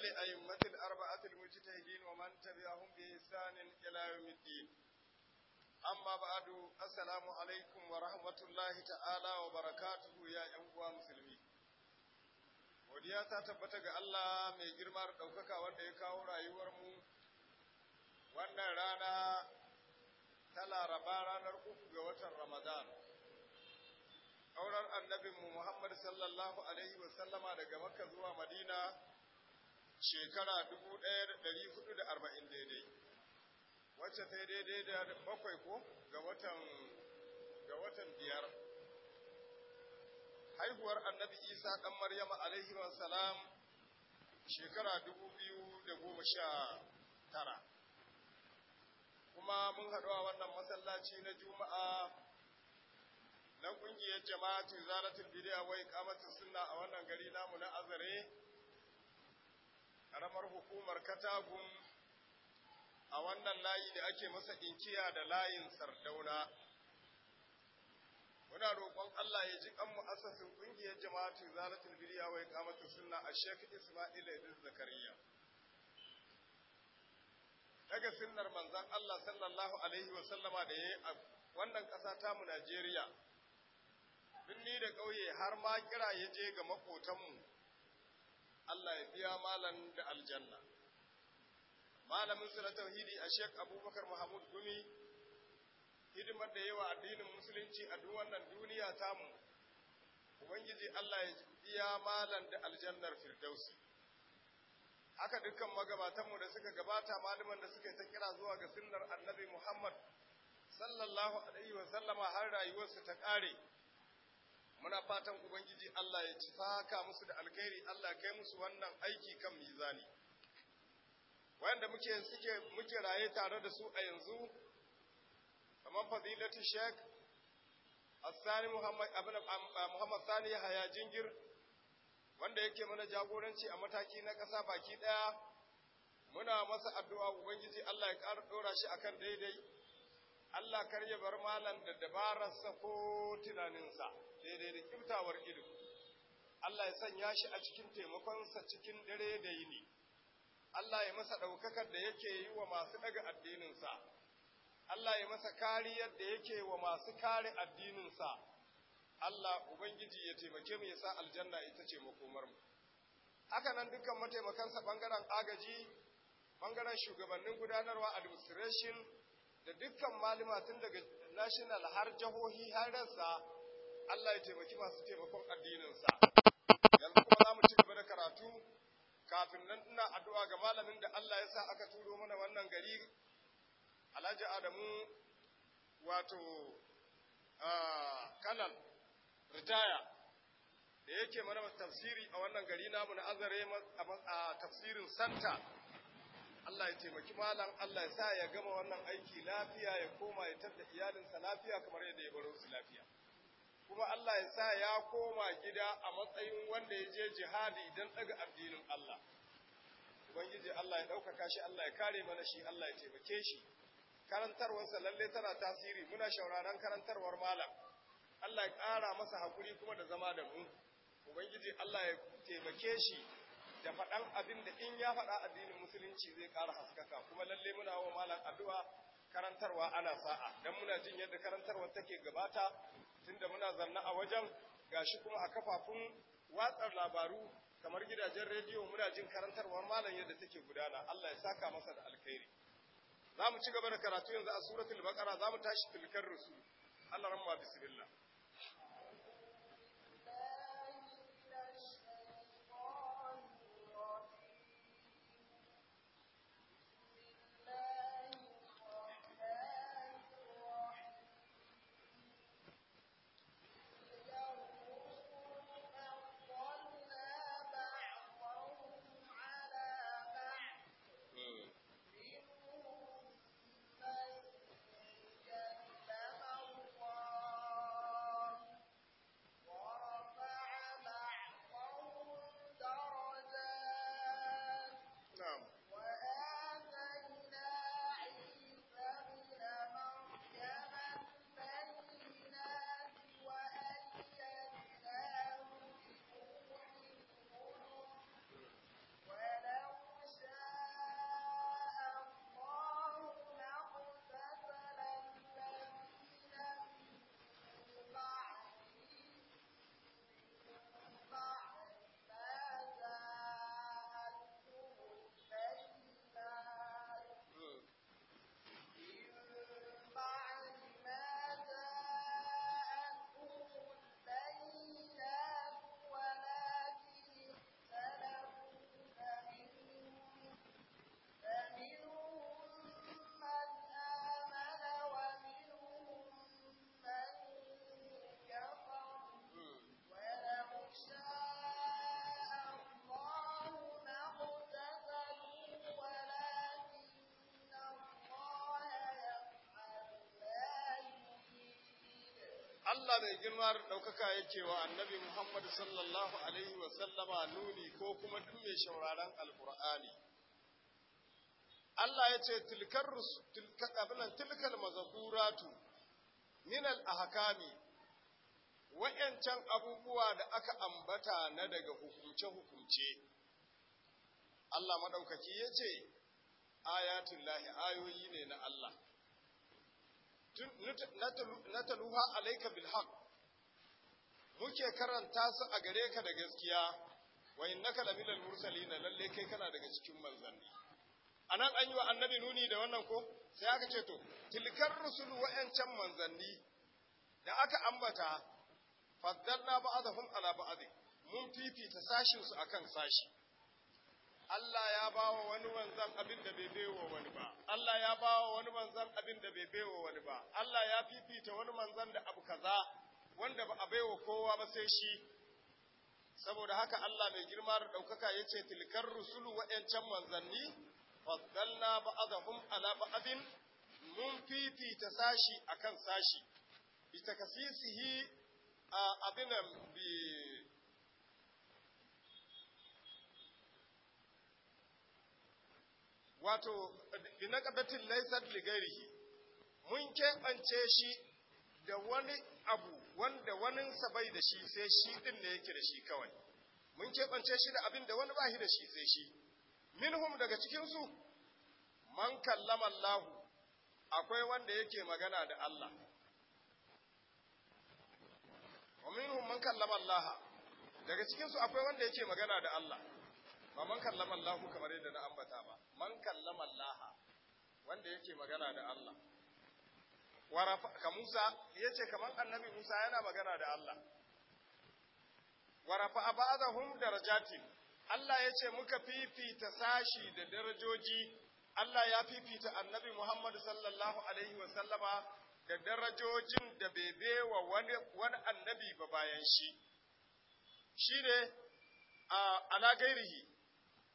ولأئمة الأربعة المجتهدين ومن تبعهم بإحسان إلى يوم الدين أما بعد السلام عليكم ورحمة الله تعالى وبركاته يا أنقوى مسلمين godiya ta tabbata ga Allah mai girma da ɗaukaka wanda ya kawo rayuwarmu wannan rana ta laraba ranar uku ga watan Ramadan. ƙaurar annabinmu Muhammad sallallahu Alaihi wasallama daga Makka zuwa Madina shekara 1440 daidai wacce ta daidai da bakwai ko ga watan biyar haihuwar annabi isa ɗan maryama alaihi wasalam shekara 2019 kuma mun haɗu a wannan masallaci na juma'a na ƙungiyar ce zaratul bidiya wai kamata sunna a wannan gari namu na azare karamar hukumar katagun a wannan layi da ake masa inciya da layin sardauna. Muna roƙon Allah ya ji kan mu'asasin ƙungiyar jama'atu zalatul biliya wai kamata sunna a shek Ismail Idris Zakariya. Daga sunnar manzon Allah sallallahu alaihi wa sallama da yayi a wannan ƙasa ta mu Najeriya. Binni da ƙauye har ma kira ya je ga makotanmu Allah ya biya malan da aljanna malamin sura tauhidi a Sheikh Abubakar Muhammad Gumi hidimar da yawa addinin musulunci a duk wannan duniya tamu ubangiji Allah ya biya malan da aljannar firdausi haka dukkan magabatanmu da suka gabata malaman da suka ta kira zuwa ga sunnar annabi Muhammad sallallahu alaihi wa sallama har rayuwarsu ta ƙare. muna fatan ubangiji Allah ya ci faka musu da alkhairi Allah kai musu wannan aiki kan mizani wanda muke suke muke raye tare da su a yanzu kamar fadilatu sheikh Asani Muhammad Muhammad Sani haya Jingir wanda yake mana jagoranci a mataki na ƙasa baki ɗaya muna masa addu'a ubangiji Allah ya ƙara ɗora shi akan daidai Allah kar ya bar malam da dabararsa ko tunaninsa daidai da kibtawar ilimi Allah ya sanya shi a cikin taimakonsa cikin dare da yini Allah ya masa ɗaukakar da yake yi wa masu ɗaga addininsa Allah ya masa kariyar da yake wa masu kare addininsa Allah Ubangiji ya taimake mu ya sa aljanna ita ce makomar mu haka nan dukkan mataimakansa bangaren agaji bangaren shugabannin gudanarwa administration da dukkan malima tun daga national har jihohi har rassa Allah ya taimaki masu taimakon addininsa yanzu kuma za mu ci gaba da karatu kafin nan ina addu'a ga malamin da Allah ya sa aka turo mana wannan gari Alhaji Adamu wato kanal ritaya da yake mana tafsiri a wannan gari namu na azare a tafsirin santa Allah ya taimaki malam Allah ya sa ya gama wannan aiki lafiya ya koma ya tarda iyalinsa lafiya kamar yadda ya baro su lafiya kuma Allah ya sa ya koma gida a matsayin wanda ya je jihadi don daga addinin Allah ubangiji Allah ya ɗaukaka shi Allah ya kare mana shi Allah ya taimake shi karantarwarsa lalle tana tasiri muna shauraron karantarwar malam Allah ya kara masa hakuri kuma da zama da mu ubangiji Allah ya taimake shi da faɗan abin da in ya faɗa addinin musulunci zai ƙara haskaka kuma lalle muna wa malam addu'a karantarwa ana sa'a dan muna jin yadda karantarwa take gabata tunda muna zanna a wajen gashi kuma a kafafun watsar labaru kamar gidajen rediyo muna jin karantarwa malam yadda take gudana Allah ya saka masa da alkhairi zamu ci gaba da karatu yanzu a suratul baqara zamu tashi tilkar rusul Allah rahma bismillah Allah mai girma da ɗaukaka yake wa annabi Muhammad sallallahu Alaihi wasallama nuni ko kuma duk mai shauraron Alƙur'ani. Allah ya ce, tilkal mazakuratu minal ahakami wa'yancan abubuwa da aka ambata na daga hukumce-hukumce Allah maɗaukaki ya ce, lahi ayoyi ne na Allah. nataluha alaika bil haqq muke karanta su a gare ka da gaskiya wa innaka laminal mursalin lalle kai kana daga cikin manzanni anan an yi wa annabi nuni da wannan ko sai aka ce to tilkar rusulu 'yancan manzanni da aka ambata faddalna ba'dahum ala ba'd mun fifita sashin su akan sashi Allah ya ba wa wani manzan abin da bai baiwa wani ba, Allah ya ba wa wani manzan abin da bai baiwa wani ba, Allah ya fifita wani manzan da abu kaza wanda ba a baiwa kowa ba sai shi, saboda haka Allah mai girma da ɗaukaka ya ce tilkar rusulu wa'yancan manzanni, faddalna zahun ala abin? mun fifita sashi akan sashi, bi kasisihi a abinan bi wato binaqabatin laysat li ghairihi mun keɓance shi da wani abu wanda waninsa bai da shi sai shi din ne yake da shi kawai mun keɓance shi da abin da wani ba shi da shi sai shi minhum daga cikinsu man kallama Allah akwai wanda yake magana da Allah wa minhum man kallama Allah daga cikinsu akwai wanda yake magana da Allah ba man kallama Allah kamar yadda na ambata ba man kallama Allah wanda yake magana da Allah ka Musa yace kaman annabi Musa yana magana da Allah warafa abadahum darajati Allah yace muka fifita sashi da darajoji Allah ya fifita annabi Muhammad sallallahu alaihi wa sallama da darajojin da bebe wa wani wani annabi ba bayan shi shine a ala gairihi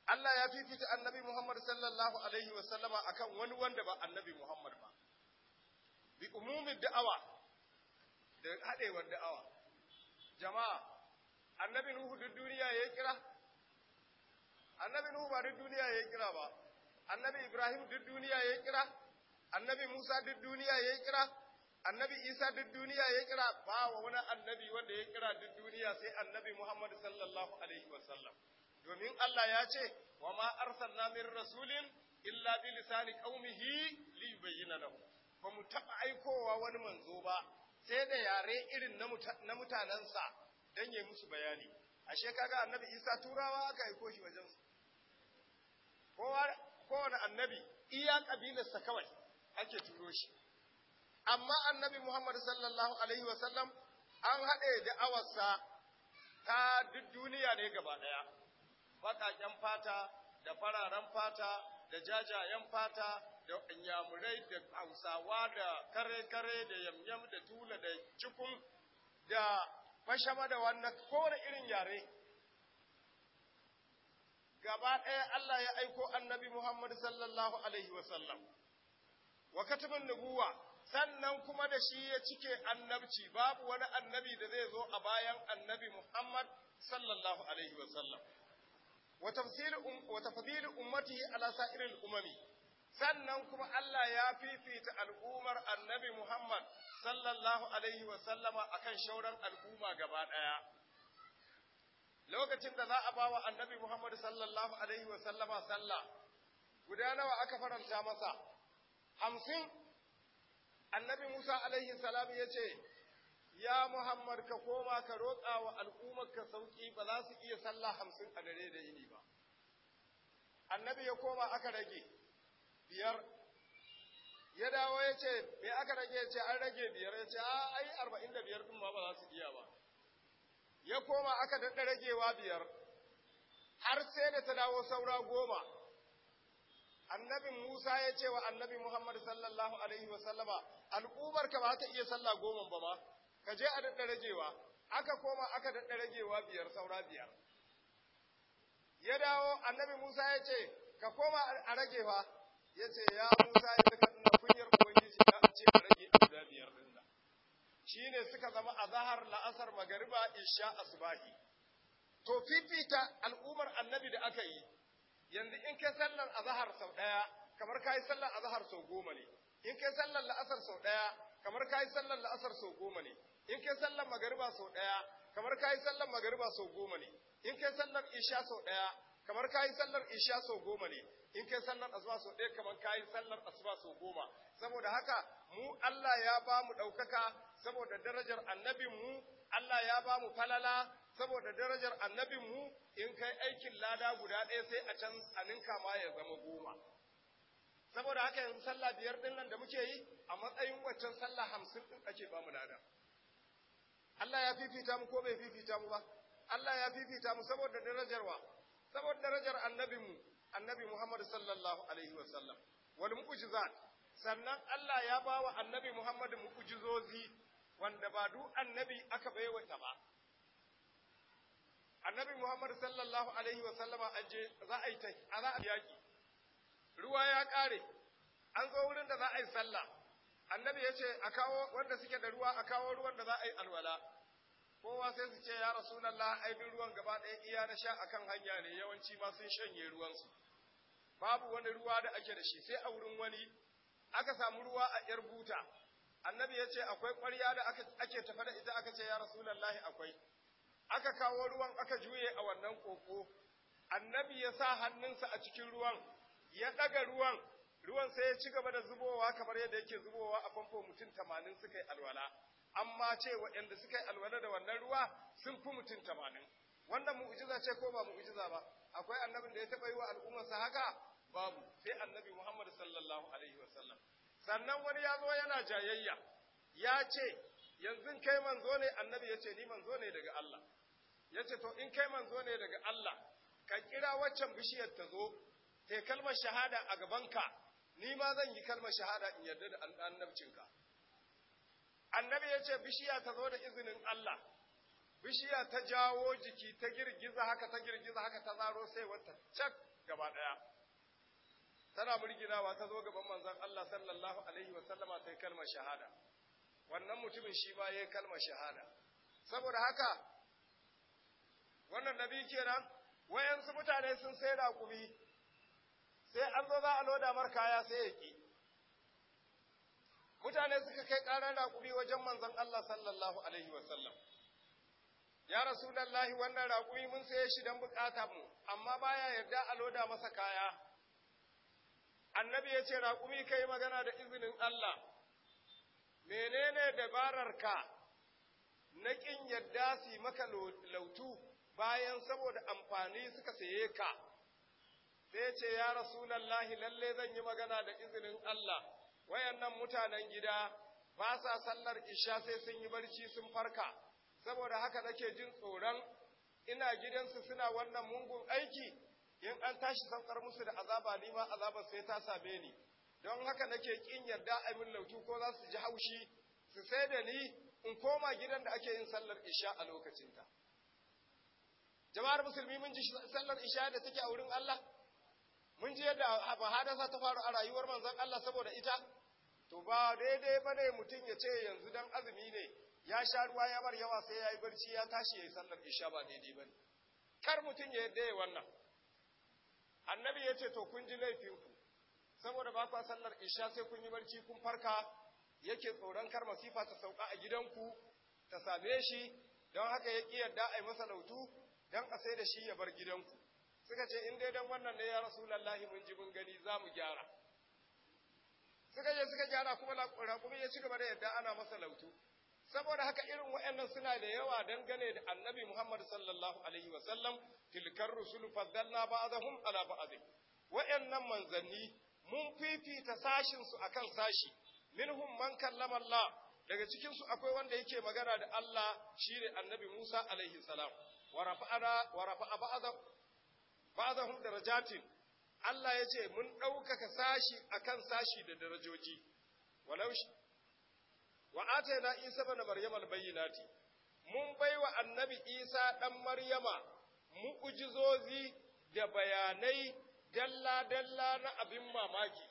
Allah ya fifita annabi Muhammad sallallahu alaihi wa sallama kan wani wanda ba annabi Muhammad ba bi umumin da'awa da haɗewar da'awa jama'a annabi Nuhu duk duniya ya kira annabi Nuhu ba duk duniya ya kira ba annabi Ibrahim duk duniya ya kira annabi Musa duk duniya ya kira annabi Isa duk duniya ya kira ba wa wani annabi wanda ya kira duk duniya sai annabi Muhammad sallallahu alaihi wa sallam domin Allah ya ce wa ma arsalna min rasulin illa bi lisani qaumihi li yubayyana lahu ba mu taba aikowa wani manzo ba sai da yare irin na mutanensa dan yayi musu bayani ashe kaga annabi Isa turawa aka aiko shi wajen su kowa kowane annabi iya kabilarsa kawai ake turo shi amma annabi Muhammad sallallahu alaihi wasallam an haɗe da awarsa ta duk duniya ne gaba ɗaya baƙaƙen fata da fararen fata da jajayen fata da inyamurai da hausawa da kare-kare da yamyam da tula da cikun da fashama da wannan kowane irin yare gaba ɗaya Allah ya aiko annabi Muhammad sallallahu alaihi wasallam wa katibin nubuwa sannan kuma da shi ya cike annabci babu wani annabi da zai zo a bayan annabi Muhammad sallallahu alaihi wasallam wa um, tafdil ummatihi ala sa'iril umami sannan kuma Allah ya fifita al'ummar annabi Muhammad sallallahu alaihi wa sallama akan shauran al'umma gaba daya lokacin da za a ba wa annabi Muhammad sallallahu alaihi wa sallama sallah guda nawa aka faranta masa hamsin annabi Musa alaihi salam ya ce ya Muhammad ka koma ka roƙa wa al'ummar ka sauƙi ba za su iya sallah hamsin a dare da yini ba. Annabi ya koma aka rage biyar, ya dawo ya ce, me aka rage ya ce an rage biyar ya ce, a ah, ai arba'in da biyar ɗin ma ba za su iya ba. Ya koma aka daɗa ragewa biyar, har sai da ta dawo saura goma. Annabi Musa ya ce wa annabi Muhammad sallallahu Alaihi wasallama, al'umarka ba ta iya sallah goma ba ma. ka je a daɗa ragewa aka koma aka daɗa ragewa biyar saura biyar ya dawo annabi musa ya ce ka koma a ragewa ya ce ya musa ya suka nuna kunyar ubangiji na a ce a rage a guda biyar ɗin da shi ne suka zama a zahar la'asar magariba isha asubahi. to fifita al'ummar annabi da aka yi yanzu in kai sallar azahar sau ɗaya kamar ka yi sallar azahar sau goma ne in kai sallar la'asar sau ɗaya kamar ka sallar la'asar sau goma ne in kai sallar magariba sau ɗaya kamar ka yi sallar magariba sau goma ne in kai sallar isha sau ɗaya kamar ka yi sallar isha sau goma ne in kai sallar asuba sau ɗaya kamar ka yi sallar asuba sau goma saboda haka mu Allah ya ba mu ɗaukaka saboda darajar annabin mu Allah ya ba mu falala saboda darajar annabin mu in kai aikin lada guda ɗaya sai a can a ninka ma ya zama goma saboda haka yanzu sallah biyar ɗin nan da muke yi a matsayin waccan sallah hamsin ɗin ake ba mu lada Allah ya fifita mu ko bai fifita mu ba Allah ya fifita mu saboda darajar wa saboda darajar mu annabi Muhammadu sallallahu alaihi wa wasallam wal mu'jizat sannan Allah ya bawa annabi Muhammad mu'jizozi wanda ba duk annabi aka baiwa ta ba annabi Muhammadu sallallahu alaihi wa wasallama aje za a yi ta za a yaki ruwa ya kare an zo wurin da za a yi sallah annabi ya ce a kawo wanda suke da ruwa a kawo ruwan da za a yi alwala kowa sai su ce ya rasulallah ai duk ruwan gaba ɗaya iya na sha akan hanya ne yawanci ma sun shanye ruwansu babu wani ruwa da ake da shi sai a wurin wani aka samu ruwa a yar buta annabi ya ce akwai ƙwarya da ake tafa da ita aka ce ya rasulallah akwai aka kawo ruwan aka juye a wannan ƙoƙo annabi ya sa hannunsa a cikin ruwan ya ɗaga ruwan ruwan sai ya ci gaba da zubowa kamar yadda yake zubowa a famfo mutum tamanin suka yi alwala amma ce waɗanda suka yi alwala da wannan ruwa sun fi mutum tamanin wannan mu'ujiza ce ko ba mu'ujiza ba akwai annabin da ya taɓa yi wa al'ummarsa haka babu sai annabi muhammad sallallahu alaihi wa sallam. sannan wani ya zo yana jayayya ya ce yanzu kai manzo ne annabi ya ce ni manzo ne daga Allah ya ce to in kai manzo ne daga Allah ka kira waccan bishiyar ta zo ta kalmar shahada a gabanka ni ma zan yi kalmar shahada in yarda da ka. annabi ya ce bishiya ta zo da izinin Allah bishiya ta jawo jiki ta girgiza haka ta girgiza haka ta zaro sai wata cak gaba daya tana murginawa ta zo gaban manzon Allah sallallahu alaihi wa sallama sai kalmar shahada wannan mutumin shi ba ya kalmar shahada saboda haka wannan nabi kenan wayansu mutane sun sai raƙumi sai an zo za a loda mar kaya sai ya ki mutane suka kai ƙarar raƙumi wajen manzon Allah sallallahu alaihi sallam ya rasulullahi wannan raƙumi mun saye shi dan bukata mu amma baya yarda a loda masa kaya annabi ya ce raƙumi ka magana da izinin Allah menene dabararka na kin yarda su maka lautu bayan saboda amfani suka saye ka sai ce ya rasulallahi lalle zan yi magana da izinin Allah wayannan mutanen gida ba sa sallar isha sai sun yi barci sun farka saboda haka nake jin tsoron ina gidansu suna wannan mungun aiki in an tashi saukar musu da azaba ni ma azaba sai ta same ni don haka nake kin yarda a min lauki ko za su ji haushi su sai da ni in koma gidan da ake yin sallar isha a lokacinta jama'ar musulmi mun ji sallar isha da take a wurin Allah mun ji yadda abu hadasa ta faru a rayuwar manzon Allah saboda ita to ba daidai ba ne mutum ya ce yanzu dan azumi ne ya sha ruwa ya bar yawa sai ya yi barci ya tashi ya yi sallar isha ba daidai ba ne kar mutum ya yadda ya wannan annabi ya ce to kun ji uku saboda ba kwa sallar isha sai kun yi barci kun farka yake tsoron kar masifa ta sauka a gidanku ta same shi don haka ya ƙi yadda a yi masa lautu don a sai da shi ya bar gidanku suka ce in dai dan wannan ne ya rasulullahi mun ji mun gani za mu gyara suka je suka gyara kuma raƙumi ya ci gaba da yadda ana masa lautu saboda haka irin waɗannan suna da yawa dangane da annabi Muhammad sallallahu alaihi wa sallam tilkar rusul fadalna ba'dahum ala ba'd waɗannan manzanni mun fifita sashin su akan sashi minhum man kallama Allah daga cikin su akwai wanda yake magana da Allah shine annabi Musa alaihi salam wa rafa'a wa rafa'a ba'dahum darajatin Allah ya ce mun ɗaukaka sashi akan sashi da darajoji walau wa ataina Isa ibn Maryam albayyinati mun baiwa annabi Isa dan Maryama mu'ujizozi da bayanai dalla dalla na abin mamaki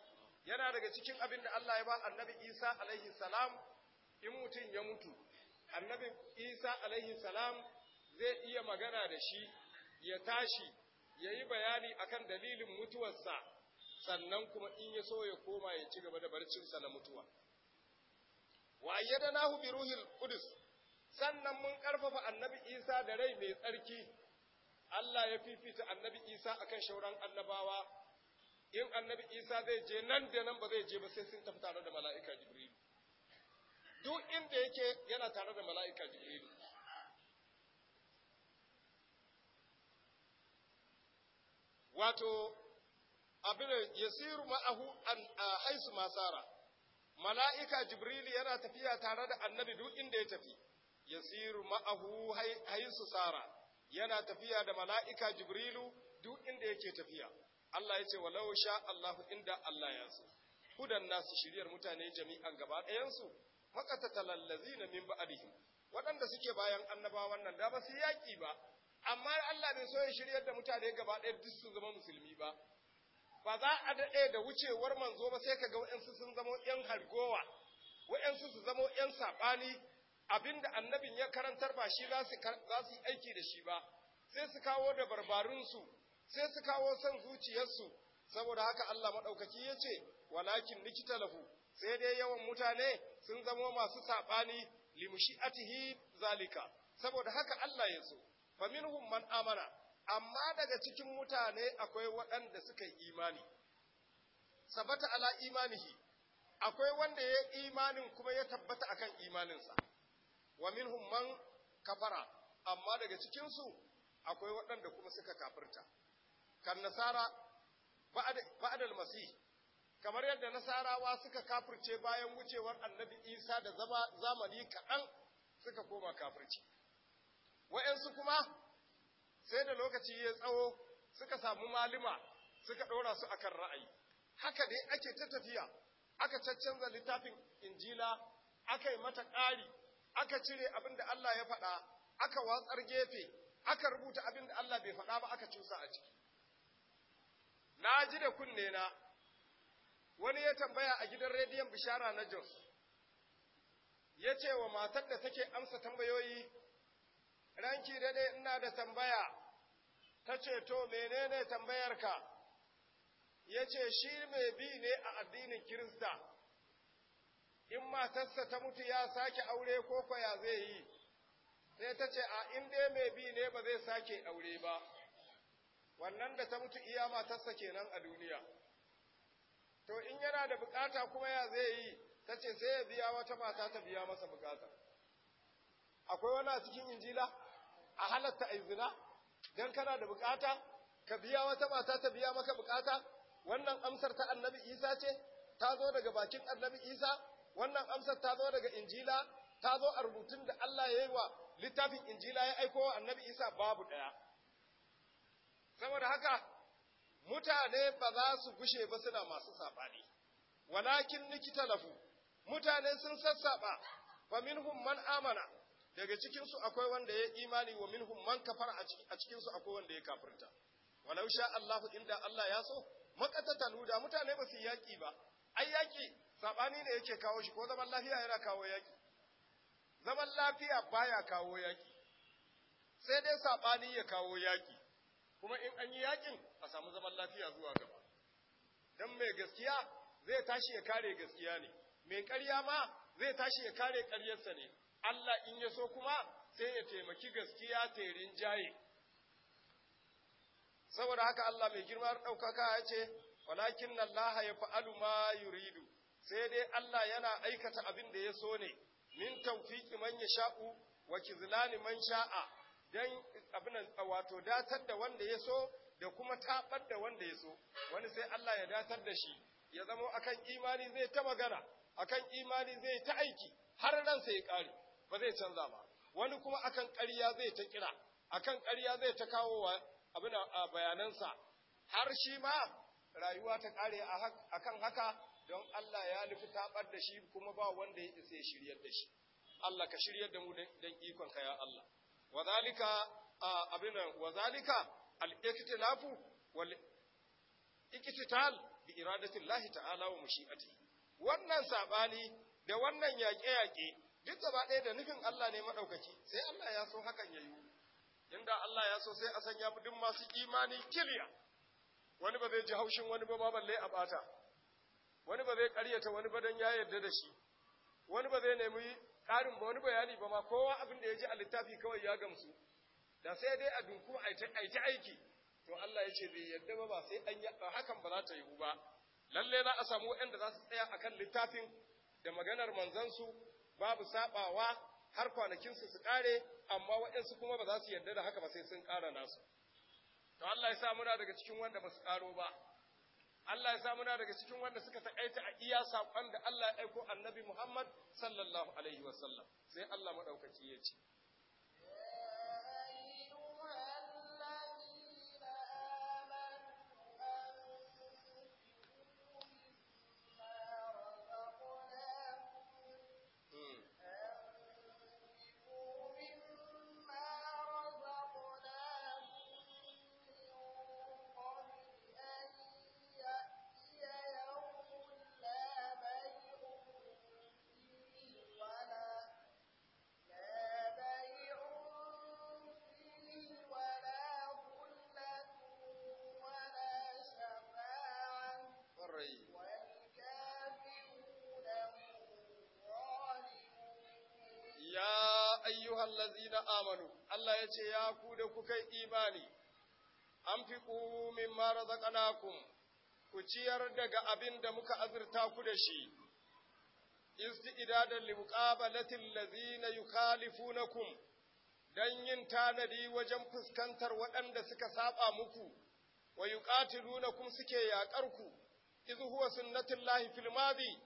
yana daga cikin abin da Allah ya ba annabi Isa alaihi salam in mutum ya mutu annabi Isa alaihi salam zai iya magana da shi ya tashi ya yi bayani akan dalilin mutuwarsa sannan kuma in ya so ya koma ya ci gaba da barcinsa na mutuwa wa ayyadanahu bi ruhil Kudus? sannan mun karfafa annabi Isa da rai mai tsarki Allah ya fifita annabi Isa akan shauran annabawa in annabi Isa zai je nan da nan ba zai je ba sai sun tafi tare da mala'ika Jibril duk inda yake yana tare da mala'ika Jibril wato abin yasiru ma'ahu an haisu masara mala'ika Jibrilu yana tafiya tare da annabi duk inda ya tafi yasiru ma'ahu haisu sara yana tafiya da mala'ika jibrilu duk inda yake tafiya Allah ya ce walau sha Allahu inda Allah ya so hudan nasu shiryar mutane jami'an gaba ɗayansu makata talallazina min ba'dihim waɗanda suke bayan annabawan nan da ba su yaƙi ba amma Allah bai so ya shiryar da mutane gaba ɗaya duk su zama musulmi ba ba za a daɗe da wucewar manzo ba sai ka ga waɗansu sun zama ‘yan hargowa waɗansu su zama ‘yan saɓani abinda annabin ya karantar ba shi za su aiki da shi ba sai su kawo da barbarunsu sai su kawo son zuciyarsu saboda haka Allah maɗaukaki ya ce walakin likita lahu sai dai yawan mutane sun zama masu saɓani limushi atihi zalika saboda haka Allah ya so faminhum man amana amma daga cikin mutane akwai waɗanda suka yi imani sabata ala imanihi akwai wanda ya imanin kuma ya tabbata akan imaninsa wa minhum man kafara amma daga cikin su akwai waɗanda kuma suka kafirta kan nasara ba'dal masih kamar yadda nasarawa suka kafirce bayan wucewar annabi isa da zama zamani kaɗan suka koma kafirci wa'yansu kuma sai da lokaci ya tsawo suka samu malima suka ɗora su a kan ra'ayi haka dai ake ta tafiya aka caccanza littafin injila aka yi mata ƙari aka cire abin da Allah ya faɗa aka watsar gefe aka rubuta abin da Allah bai faɗa ba aka cusa a ciki na ji da kunne na wani ya tambaya a gidan rediyon bishara na Jos ya ce wa matar da take amsa tambayoyi ranki dade ina da tambaya ta ce to menene tambayarka ya ce shi mai bi ne a addinin kirista in matarsa ta mutu ya sake aure ko kwaya zai yi sai ta ce a inda mai bi ne ba zai sake aure ba wannan da ta mutu iya matarsa kenan a duniya to in yana da bukata kuma ya zai yi ta ce sai ya biya wata mata ta biya masa bukata akwai wani cikin injila a halatta a zina dan kana da bukata ka biya wata mata ta biya maka bukata wannan amsar ta annabi Isa ce ta zo daga bakin annabi Isa wannan amsar ta zo daga injila ta zo a rubutun da Allah ya yi wa littafin injila ya aiko wa annabi Isa babu ɗaya. saboda haka mutane ba za su gushe ba suna masu saɓani walakin nikita lafu mutane sun sassaɓa fa minhum man amana daga cikin su akwai wanda ya imani wa minhum man kafara a cikinsu su akwai wanda ya kafirta walau sha Allahu inda Allah ya so makatata da mutane ba su yaki ba ai yaki sabani ne yake kawo shi ko zaman lafiya yana kawo yaki zaman lafiya baya kawo yaki sai dai sabani ya kawo yaki kuma in an yi yakin a samu zaman lafiya zuwa gaba dan mai gaskiya zai tashi ya kare gaskiya ne mai ƙarya ma zai tashi ya kare ƙaryarsa ne Allah in ya so kuma sai ya taimaki gaskiya ta jaye saboda haka Allah mai girma ɗaukaka ya ce walakin laha ya fa'alu ma yuridu sai dai Allah yana aikata abin da ya so ne min tawfiqi man sha'u wa kizlani man sha'a don abin wato datar da wanda ya so da kuma taɓar da wanda ya so wani sai Allah ya datar da shi ya zamo akan imani zai ta magana akan imani zai ta aiki har ransa ya ƙare ba zai canza ba wani kuma akan ƙarya zai ta kira akan ƙarya zai ta kawo wa abin bayanansa har shi ma rayuwa ta ƙare akan haka don Allah ya nufi taɓar da shi kuma ba wanda ya isa shiryar da shi Allah ka shiryar da mu don ikonka ya Allah wa zalika abin wa zalika al-iktilafu wal iktital bi iradatillahi ta'ala wa mushi'ati wannan sabani da wannan yaƙe-yaƙe duk gaba ɗaya da nufin Allah ne maɗaukaki sai Allah ya so hakan ya yi inda Allah ya so sai a sanya mu duk masu imani kiliya wani ba zai ji haushin wani ba balle a bata wani ba zai ƙaryata wani ba don ya yarda da shi wani ba zai nemi ƙarin ba wani bayani ba ma kowa abin da ya ji a littafi kawai ya gamsu da sai dai a dunku a yi aiki to Allah ya ce bai yarda ba ba sai an yi hakan ba za ta yiwu ba lalle za a samu waɗanda za su tsaya akan littafin da maganar manzansu babu sabawa har kwanakinsu su kare amma waɗansu kuma ba za su yarda da haka ba sai sun ƙara nasu to Allah ya sa muna daga cikin wanda ba su ƙaro ba Allah ya sa muna daga cikin wanda suka takaita a iya saƙon da Allah ya aiko annabi Muhammad sallallahu alaihi sallam. sai Allah maɗaukaki ya ce na amanu, Allah ya ce, Ya ku da kuka imani, an fi min mara zaƙanakun, ku ciyar daga abin da muka azurta ku da shi, isti idadan limuƙabalatin lazina yukhalifunakum don yin tanadi wajen fuskantar waɗanda suka saba muku, wa yuqatilunakum suke ku. iz huwa sunnatullahi fil madi,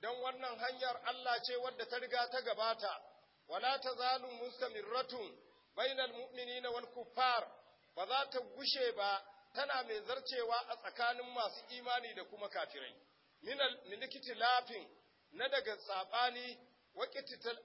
don wannan hanyar Allah ce wadda ta riga ta gabata. wala tazalu mustamirratun bainal mu'minina wal kuffar ba za ta gushe ba tana mai zarcewa a tsakanin masu imani da kuma kafirai minal lafin na daga sabani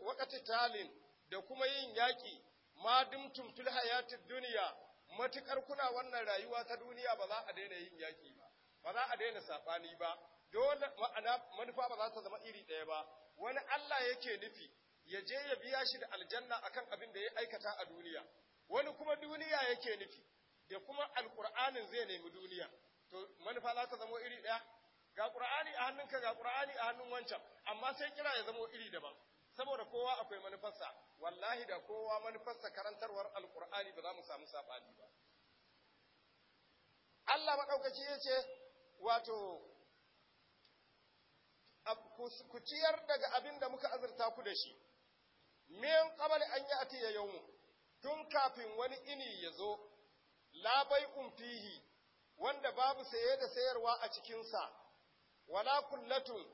waqtitalin da kuma yin yaki ma dumtum fil hayatid dunya matukar kuna wannan rayuwa ta duniya ba za a daina yin yaki ba ba za a daina sabani ba dole ma'ana manufa ba za ta zama iri ɗaya ba wani Allah yake nufi ya je ya biya shi da aljanna akan abin da ya aikata a duniya wani kuma duniya yake nufi da kuma alqur'anin zai nemi duniya to manufa za ta zamo iri ɗaya ga qur'ani a hannunka ga qur'ani a hannun wancan amma sai kira ya zamo iri daban saboda kowa akwai manufarsa wallahi da kowa manufarsa karantarwar alqur'ani ba za mu samu sabani ba Allah maɗaukaci yace wato ku ciyar daga abin da muka azurta ku da shi min kamar an ya'ti yawm tun kafin wani ini ya zo la bai'un fihi wanda babu saye da sayarwa a cikin sa wala kullatun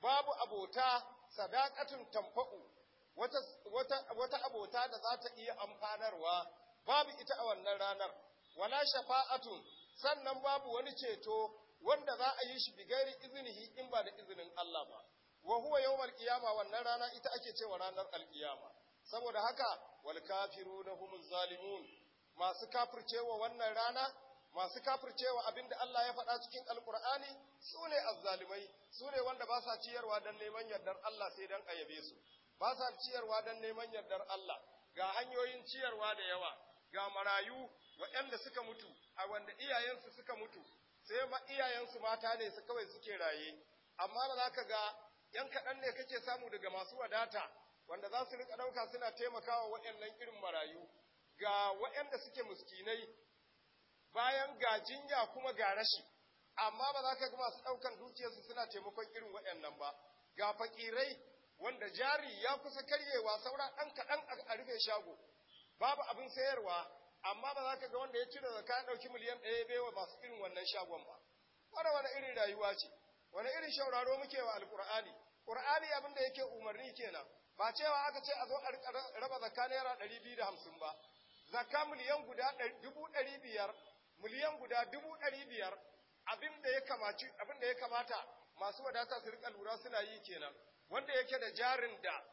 babu abota sadaqatun tamfa'u wata wata wata abota da za ta iya amfanarwa babu ita a wannan ranar wala shafa'atun sannan babu wani ceto wanda za a yi shi bigairi izinihi in ba da izinin Allah ba wa huwa yawmal qiyama wannan rana ita ake cewa ranar alqiyama saboda haka wal kafiruna humuz zalimun masu kafircewa wannan rana masu kafircewa abinda Allah ya faɗa cikin alqur'ani sune azzalimai sune wanda ba sa ciyarwa dan neman yardar Allah sai dan yabe su ba sa ciyarwa dan neman yardar Allah ga hanyoyin ciyarwa da yawa ga marayu waɗanda suka mutu a wanda iyayensu suka mutu sai ma iyayensu mata ne su kawai suke raye amma da za ka ga ‘yan kaɗan ne kake samu daga masu wadata, wanda za su rika ɗauka suna taimakawa waɗannan irin marayu, ga waɗanda suke muskinai, bayan ga jinya kuma ga rashi, amma ba za ka ga masu ɗaukan dukiyarsu suna taimakon irin waɗannan ba, ga fakirai wanda jari ya kusa karyewa saura ɗan kaɗan a rufe shago, babu abin sayarwa, amma ba za ka ga wanda ya cire zaka ya ɗauki miliyan ɗaya baiwa masu irin wannan shagon ba. Wani wani irin rayuwa ce, wani irin shauraro muke wa Alƙur'ani, Qur'ani abin da yake umarni kenan ba cewa aka ce a zo a raba zakka naira ɗari biyu da hamsin ba zakka miliyan guda dubu ɗari biyar miliyan guda dubu ɗari biyar abin da ya kamaci abin da ya kamata masu wadata su rika lura suna yi kenan wanda yake da jarin da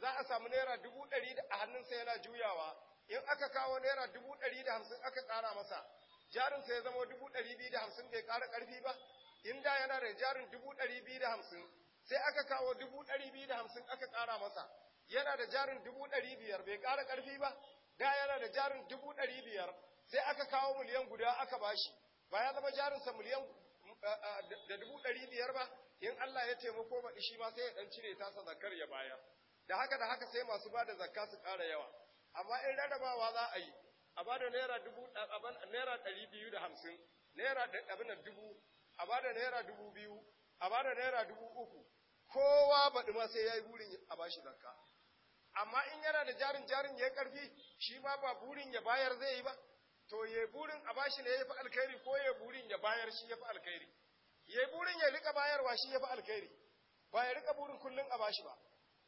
za a samu naira dubu ɗari a hannunsa yana juyawa in aka kawo naira dubu ɗari da hamsin aka ƙara masa jarinsa ya zama dubu ɗari biyu da hamsin bai ƙara ƙarfi ba in da yana da jarin dubu ɗari biyu da hamsin sai aka kawo dubu ɗari biyu da hamsin aka ƙara masa yana da jarin dubu ɗari biyar bai ƙara ƙarfi ba da yana da jarin dubu ɗari biyar sai aka kawo miliyan guda aka bashi ba ya zama jarinsa miliyan eh, eh, da dubu ɗari biyar ba in Allah ya taimako ba shi ma sai ya ɗan cire tasa zakar ya bayar da haka da haka sai masu ba da zakka su ƙara yawa amma in rarrabawa za a yi a ba da naira dubu naira ɗari biyu da hamsin naira abin dubu a ba da naira dubu biyu a ba da naira dubu uku kowa baɗi ma sai ya yi burin a shi zakka amma in yana da jarin jarin ya ƙarfi, shi ma ba burin ya bayar zai yi ba to ya burin a shi ne ya fi alkhairi ko ya burin ya bayar shi ya fi alkhairi ya burin ya rika bayarwa shi ya fi alkhairi ba ya rika burin kullum a shi ba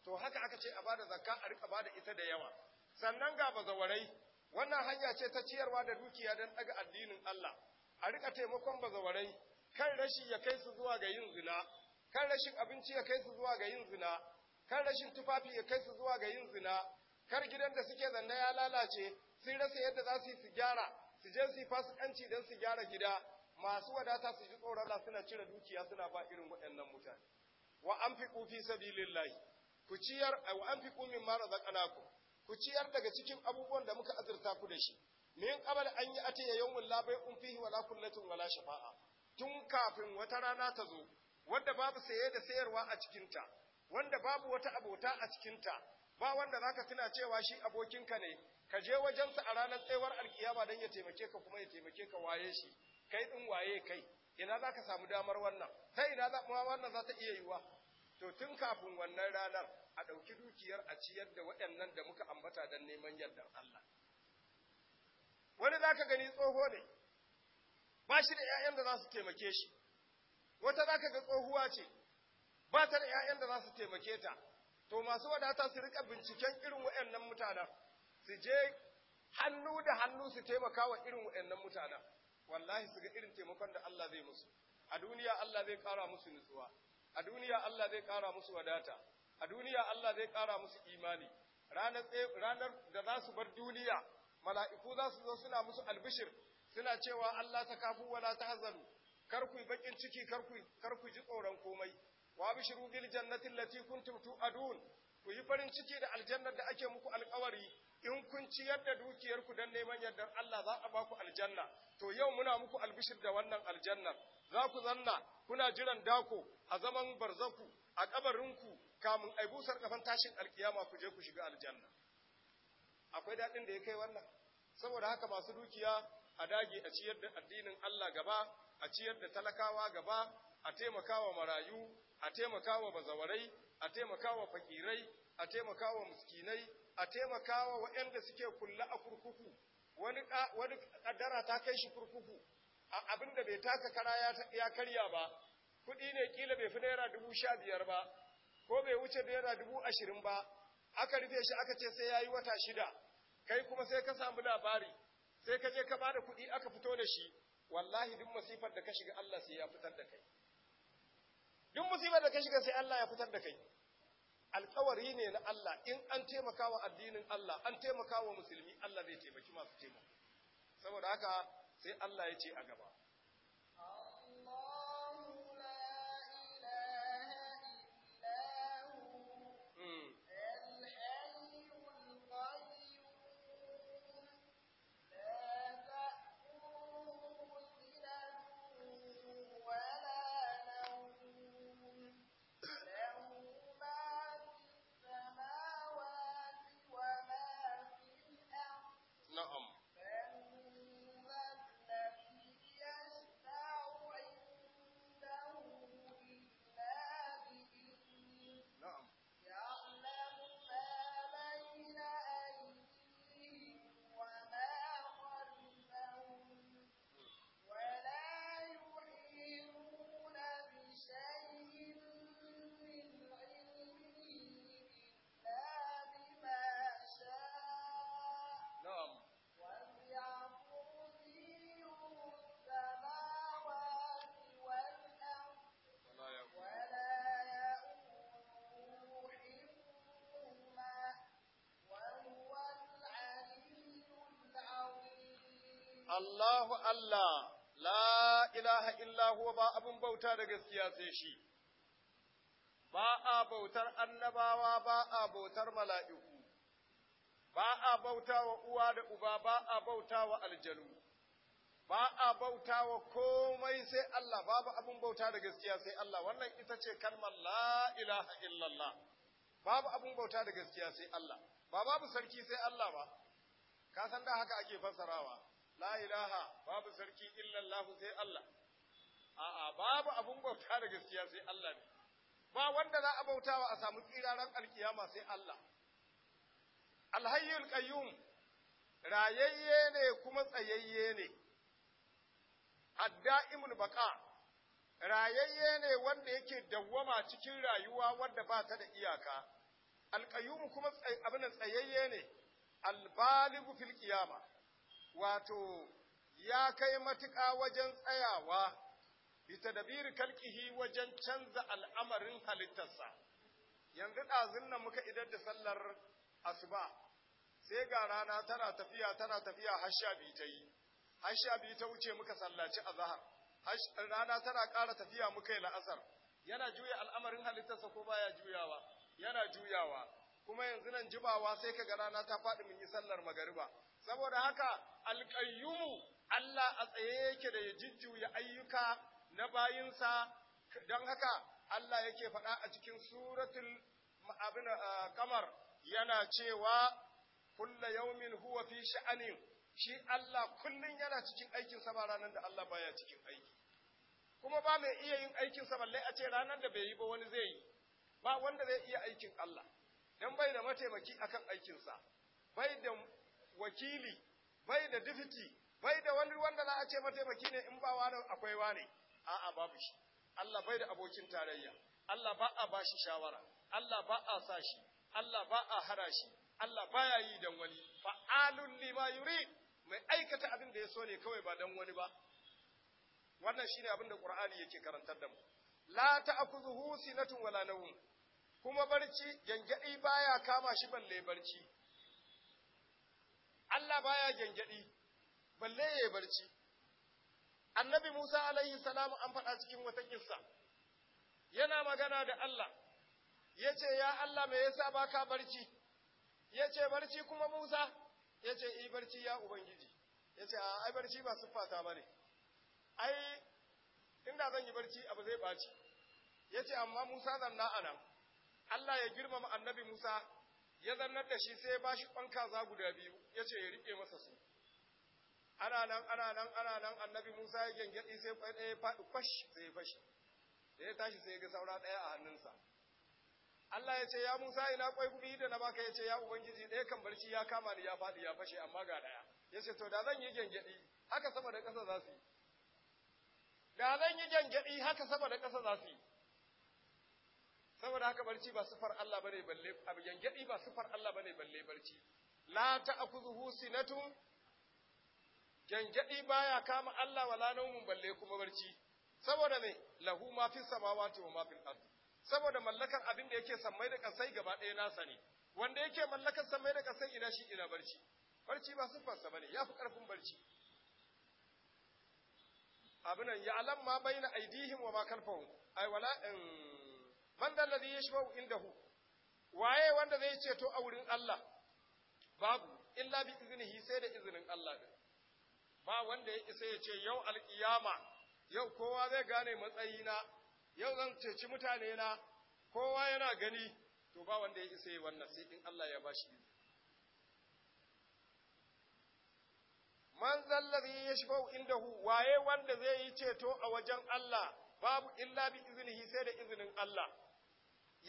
to haka aka ce a bada zakka a rika bada ita da yawa sannan ga bazawarai wannan hanya ce ta ciyarwa da dukiya don ɗaga addinin Allah a rika taimakon bazawarai kan rashi ya kai su zuwa ga yin zina kan rashin abinci ya kai su zuwa ga yin zina kan rashin tufafi ya kai su zuwa ga yin zina kar gidan da suke zanne ya lalace sun rasa yadda za su yi su gyara su je su yi fasikanci don su gyara gida masu wadata su ji tsoron Allah suna cire dukiya suna ba irin waɗannan mutane wa anfiqu fi sabilillahi ku ciyar wa anfiqu mara razaqnakum ku ciyar daga cikin abubuwan da muka azurta ku da shi min qabl an yi atiya yawmul la bai'un fihi wala kullatin wala shafa'a tun kafin wata rana ta zo Wanda babu saye da sayarwa a cikinta wanda babu wata abota a cikinta ba wanda zaka tuna cewa shi abokinka ne ka je wajensa a ranar tsayuwar alkiyama don ya taimake ka kuma ya taimake ka waye shi kai din waye kai ina zaka samu damar wannan ta ina za wannan za ta iya yiwa to tun kafin wannan ranar a ɗauki dukiyar a ciyar da waɗannan da muka ambata don neman yardar Allah wani zaka gani tsoho ne ba shi da 'ya'yan da za su taimake shi wata za ka ga tsohuwa ce ba ta da 'ya'yan da za su taimake ta to masu wadata su rika binciken irin wa'annan mutanen su je hannu da hannu su taimaka wa irin wa'annan mutanen wallahi su ga irin taimakon da Allah zai musu a duniya Allah zai ƙara musu nutsuwa a duniya Allah zai ƙara musu wadata a duniya Allah zai ƙara musu imani ranar da za su bar duniya mala'iku za su zo suna musu albishir suna cewa Allah ta kafu wala ta hazaru kar ku bakin ciki kar ku kar ku ji tsoron komai wa bishiru bil jannati allati kuntum tu'adun ku yi farin ciki da aljannar da ake muku alkawari in kun ciyar da dukiyarku dan neman yadda Allah za a ba ku aljanna to yau muna muku albishir da wannan aljannar za ku zanna kuna jiran dako a zaman barzaku a kabarinku kamun ai busar kafan tashin alkiyama ku je ku shiga aljanna akwai daɗin da ya kai wannan saboda haka masu dukiya a dage a ciyar da addinin Allah gaba a ciyar da talakawa gaba a taimakawa marayu a taimakawa bazawarai a taimakawa fakirai a taimakawa muskinai a taimakawa waɗanda suke kulla a kurkuku wani wani kaddara ta kai shi kurkuku abin da bai taka kara ya karya ba kuɗi ne ƙila bai fi naira dubu sha biyar ba ko bai wuce naira dubu ashirin ba aka rufe shi aka ce sai ya yi wata shida kai kuma sai ka samu labari sai ka je ka bada kuɗi aka fito da shi wallahi duk masifar da ka shiga Allah sai ya fitar da kai duk da ka shiga sai Allah ya fitar da kai alkawari ne na Allah in an taimakawa addinin Allah an taimakawa musulmi Allah zai taimaki masu taimako saboda haka sai Allah ya ce a gaba Allahu Allah, la ilaha illahu ba abin bauta da gaskiya sai shi, ba a bautar annabawa ba a bautar mala'iku, ba a bauta wa uwa da uba ba a bauta wa aljanu, ba a bauta wa komai sai Allah, babu abun bauta da gaskiya sai Allah, wannan ita ce kalmar la ilaha illallah, babu abun bauta da gaskiya sai Allah, ba babu sarki sai Allah ba, ka san da haka ake fassarawa. la ilaha babu sarki illallahu sai Allah a'a babu abun bauta da gaskiya sai Allah ne ba wanda za a bautawa a samu tsiraran alkiyama sai Allah alhayyul qayyum rayayye ne kuma tsayayye ne adda'imul baqa rayayye ne wanda yake dawwama cikin rayuwa wanda ba ta da iyaka alqayyum kuma abin tsayayye ne albalighu fil qiyamah wato ya kai matuƙa wajen tsayawa bita da biri kalkihi wajen canza al'amarin halittarsa yanzu ɗazin nan muka idar da sallar asuba sai ga rana tana tafiya tana tafiya har biyu ta yi har biyu ta wuce muka sallaci a zahar, rana tana ƙara tafiya muka yi la'asar yana juya al'amarin halittarsa ko baya juyawa yana juyawa kuma yanzu nan jibawa sai kaga rana ta faɗi mun yi sallar magariba saboda haka alƙayyumu Allah a tsaye yake da ya jujjuya ayyuka na bayinsa don haka Allah yake faɗa a cikin suratul abin kamar yana cewa kulla yaumin huwa fi sha'anin shi Allah kullun yana cikin aikin sa ba ranar da Allah baya cikin aiki kuma ba mai iya yin aikin sa balle a ce ranar da bai yi ba wani zai yi ba wanda zai iya aikin Allah dan bai da mataimaki akan aikinsa bai da wakili bai da difiti bai da wani wanda za a ce mataimaki ne in ba wani akwai wani a'a babu shi Allah bai da abokin tarayya Allah ba a bashi shawara Allah ba a sa shi Allah ba a hara shi Allah baya yi dan wani fa'alun lima yuri mai aikata abin da ya so ne kawai ba dan wani ba wannan shine abin da Qur'ani yake karantar da mu la ta'khuzuhu sinatun wala nawm kuma barci gyangyaɗi baya kama shi balle barci Allah baya gyangyaɗi balle yi barci Annabi Musa alaihi salamu an faɗa cikin wata kissa yana magana da Allah yace ya Allah me yasa baka barci yace barci kuma Musa yace i eh, barci ya ubangiji yace a ai barci ba siffata bane ai inda zan yi barci abu zai baci yace amma Musa zanna anan Allah ya girmama annabi Musa ya zannar da shi sai ya ba shi ƙwan kaza guda biyu ya ce ya riƙe masa su ana nan ana nan ana nan annabi Musa ya gyangyaɗi sai ƙwai ɗaya ya faɗi kwash sai ya fashi da ya tashi sai ya ga saura ɗaya a hannunsa Allah ya ce ya Musa ina ƙwai kuɗi da na baka ya ce ya Ubangiji ɗaya kan barci ya kama ni ya faɗi ya fashe amma ga ɗaya ya ce to da zan yi gyangyaɗi haka sama da ƙasa za su yi da zan yi gyangyaɗi haka sama da ƙasa za su yi saboda haka barci ba sifar Allah bane balle abu gangadi ba sifar Allah bane balle barci la ta'khudhuhu sinatun gangadi baya kama Allah wala nawmun balle kuma barci saboda ne lahu ma fi samawati wa ma fil ard saboda mallakar abin da yake sammai da kasai gaba ɗaya na sani. wanda yake mallakar sammai da kasai ina shi ina barci barci ba sa bane yafi karfin barci abinan alam ma baina aidihim wa ma kalfahum ay wala in man da alladhi yashfa'u indahu waye wanda zai ceto a wurin Allah babu illa bi iznihi sai da izinin Allah din ba wanda ya isa ya ce yau alkiyama yau kowa zai gane matsayina yau zan ceci mutane na kowa yana gani to ba wanda ya isa yi wannan sai in Allah ya bashi man zallazi ya shigo indahu waye wanda zai yi ceto a wajen Allah babu illa bi iznihi sai da izinin Allah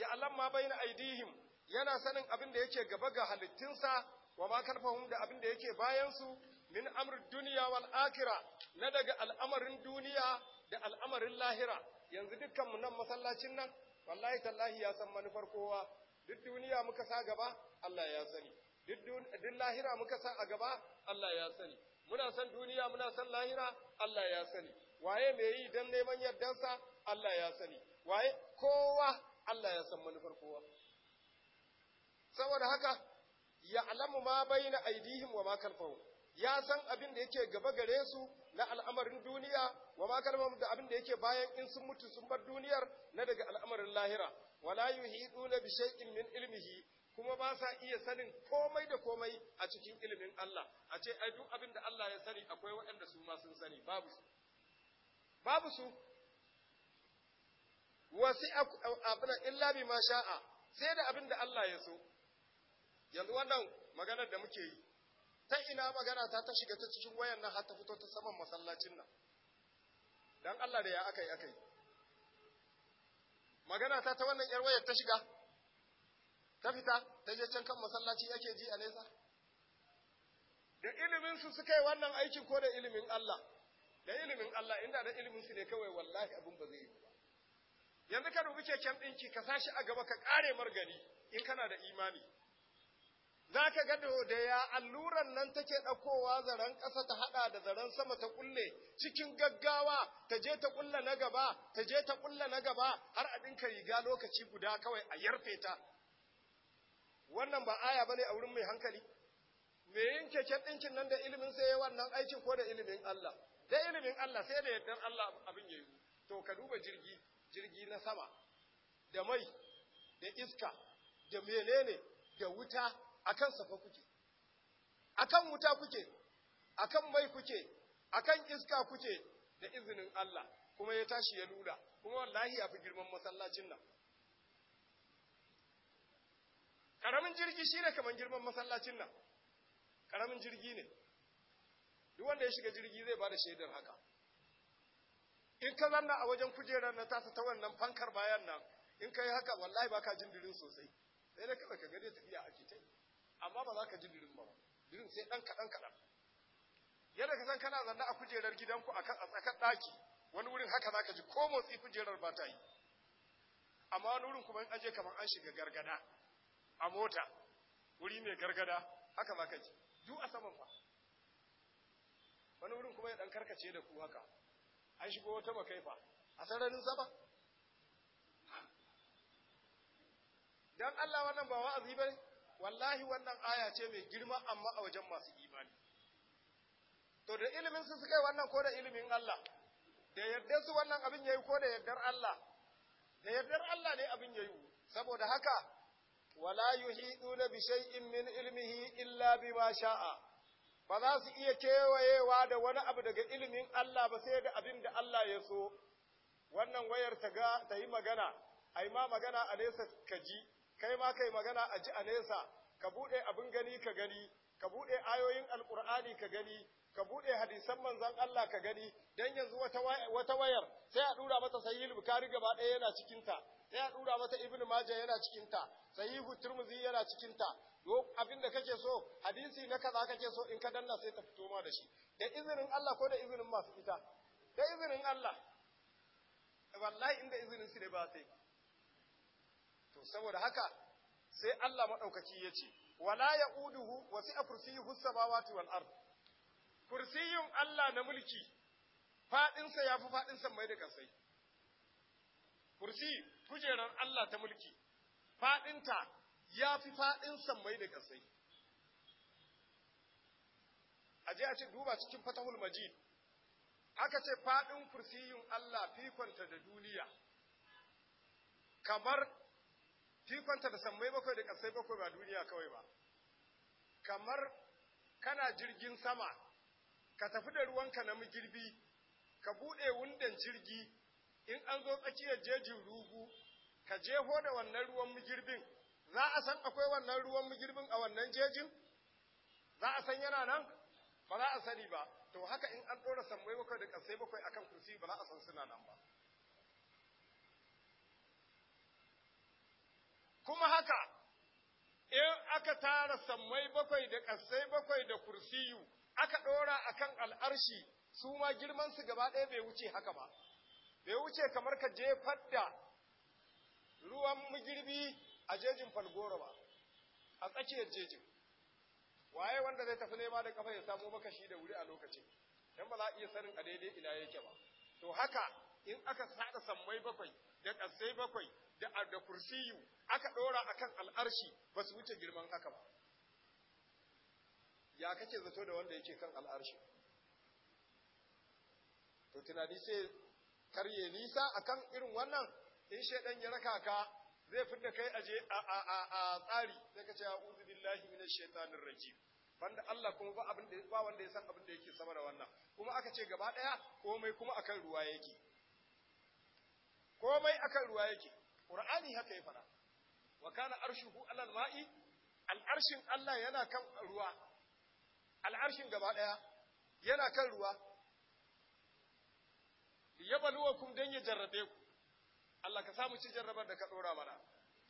ya alamma bayna aidihim yana sanin abin da yake gaba ga halittinsa wa ma karfahum da abin da yake bayansu min amr duniya wal akhirah na daga al'amarin duniya da al'amarin lahira yanzu dukkan nan masallacin nan wallahi tallahi ya san manufar kowa duk duniya muka sa gaba Allah ya sani duk lahira muka sa a gaba Allah ya sani muna san duniya muna san lahira Allah ya sani waye me yi dan neman yardansa Allah ya sani waye kowa Allah ya san manufar kowa saboda haka alamu ma bayna aidihim wa ma ya san abin da yake gaba gare su na al'amarin duniya wa ma da abin da yake bayan in sun mutu sun bar duniyar na daga al'amarin lahira wala yuhiduna bi shay'in min ilmihi kuma ba sa iya sanin komai da komai a cikin ilimin Allah a ce ai duk abin da Allah ya sani akwai waɗanda su ma sun sani babu babu su wasi abin illa bi ma sha'a sai da abin da Allah ya so yanzu wannan maganar da muke yi ta ina magana ta ta shiga ta cikin wayan nan har ta fito ta saman masallacin nan dan Allah da ya akai akai magana ta ta wannan yar wayar ta shiga ta fita ta je can kan masallaci yake ji a nesa da ilimin su suka yi wannan aikin ko da ilimin Allah da ilimin Allah inda da ilimin su ne kawai wallahi abin ba zai yi ba yanzu ka dubi keken ɗinki ka sa shi a gaba ka kare margani in kana da imani za ka ga da ya alluran nan take ɗaukowa zaren kasa ta haɗa da zaren sama ta kulle, cikin gaggawa ta je ta ƙulla na gaba ta je ta ƙulla na gaba har a ɗinka riga lokaci guda kawai a yarfe ta wannan ba aya bane a wurin mai hankali me yin keken ɗinkin nan da ilimin sai ya wannan aikin ko da ilimin Allah da ilimin Allah sai da yardar Allah abin ya to ka duba jirgi jirgi na sama da mai da iska da menene da wuta akan safa kuke akan wuta kuke akan mai kuke kan iska kuke da izinin Allah kuma ya tashi ya lura. kuma wallahi ya fi girman masallacin nan karamin jirgi shine kaman girman masallacin nan karamin jirgi ne duk wanda ya shiga jirgi zai ba da shaidar haka in ka zanna a wajen kujerar na tasa ta wannan fankar bayan nan in ka yi haka wallahi ba ka jin birin sosai sai na kawai ka ta iya ake ta amma ba za ka ji birin ba birin sai ɗan kaɗan kaɗan yadda ka san kana zanna a kujerar gidanku a tsakar ɗaki wani wurin haka za ka ji ko motsi kujerar ba ta yi amma wani wurin kuma in aje kamar an shiga gargada a mota wuri mai gargada haka za ka ji duk a saman fa wani wurin kuma ya ɗan karkace da ku haka an shigo wata makaifa a sararin saba dan Allah wannan ba wa'azi bane wallahi wannan aya ce mai girma amma a wajen masu imani to da ilimin su suka yi wannan ko da ilimin Allah da yardar su wannan abin yayi ko da yardar Allah da yardar Allah ne abin yayi saboda haka wala yuhiduna bi shay'in min ilmihi illa bima sha'a ba za su iya kewayewa da wani abu daga ilimin Allah ba sai da abin da Allah ya so wannan wayar ta ga ta yi magana ai ma magana a nesa ka ji kai ma kai magana a ji a nesa ka buɗe abin gani ka gani ka buɗe ayoyin alkur'ani ka gani ka buɗe hadisan manzon Allah ka gani dan yanzu wata wayar sai a dura mata sahih bukhari gaba ɗaya yana cikin ta sai a dura mata ibnu majah yana cikin ta sahihu tirmidhi yana cikin ta yo abin da kake so hadisi na kaza kake so in ka danna sai ta fito ma da shi da izinin Allah ko da izinin masu ita da izinin Allah wallahi inda izinin su ne ba sai to saboda haka sai Allah madaukaki ya ce wala yauduhu wasi'a kursiyuhu samawati wal ard kursiyun Allah na mulki faɗinsa ya fi faɗin mai da ƙasai. Kursi kujerar Allah ta mulki faɗinta ya fi faɗin sammai da kasai. a a ce duba cikin fatahul majid aka ce faɗin kursiyun Allah fikonta da duniya kamar fikonta da sammai bakwai da kasai bakwai ba duniya kawai ba kamar kana jirgin sama ka tafi da ruwanka na magirbi ka buɗe wundan jirgi in an zo tsakiyar jejin rugu ka jeho da wannan ruwan mugirbin za a san akwai wannan ruwan mugirbin a wannan jejin za a san yana nan ba za a sani ba to haka in an ɗora sammai bakwai da ƙasai bakwai akan kursi ba za a san suna nan ba kuma haka in aka tara sammai bakwai da ƙasai bakwai da kursiyu aka ɗora akan al'arshi su ma girman su gaba ɗaya bai wuce haka ba bai wuce kamar ka jefar da ruwan mugirbi a jejin falgoro ba a tsakiyar jejin waye wanda zai tafi nema da kafa ya samo maka shi da wuri a lokacin Don ba za a iya sanin a daidai ina yake ba to haka in aka sada sammai bakwai da ƙasai bakwai da da kursiyu aka dora kan al'arshi ba su wuce girman haka ba ya kake zato da wanda yake kan al'arshi to tunani sai Karye nisa akan irin wannan in shaidan ya raka ka zai da kai aje a a a a tsari sai ka ce a'udhu billahi minash shaitanir rajim banda Allah kuma ba abin da ba wanda ya san abin da yake sama da wannan kuma aka ce gaba daya komai kuma akan ruwa yake komai akan ruwa yake qur'ani haka ya fara wa kana arshuhu alal ma'i al'arshin Allah yana kan ruwa al'arshin gaba daya yana kan ruwa yabluwakum dan ya jarrabe ku Allah ka samu ci jarrabar da ka dora mana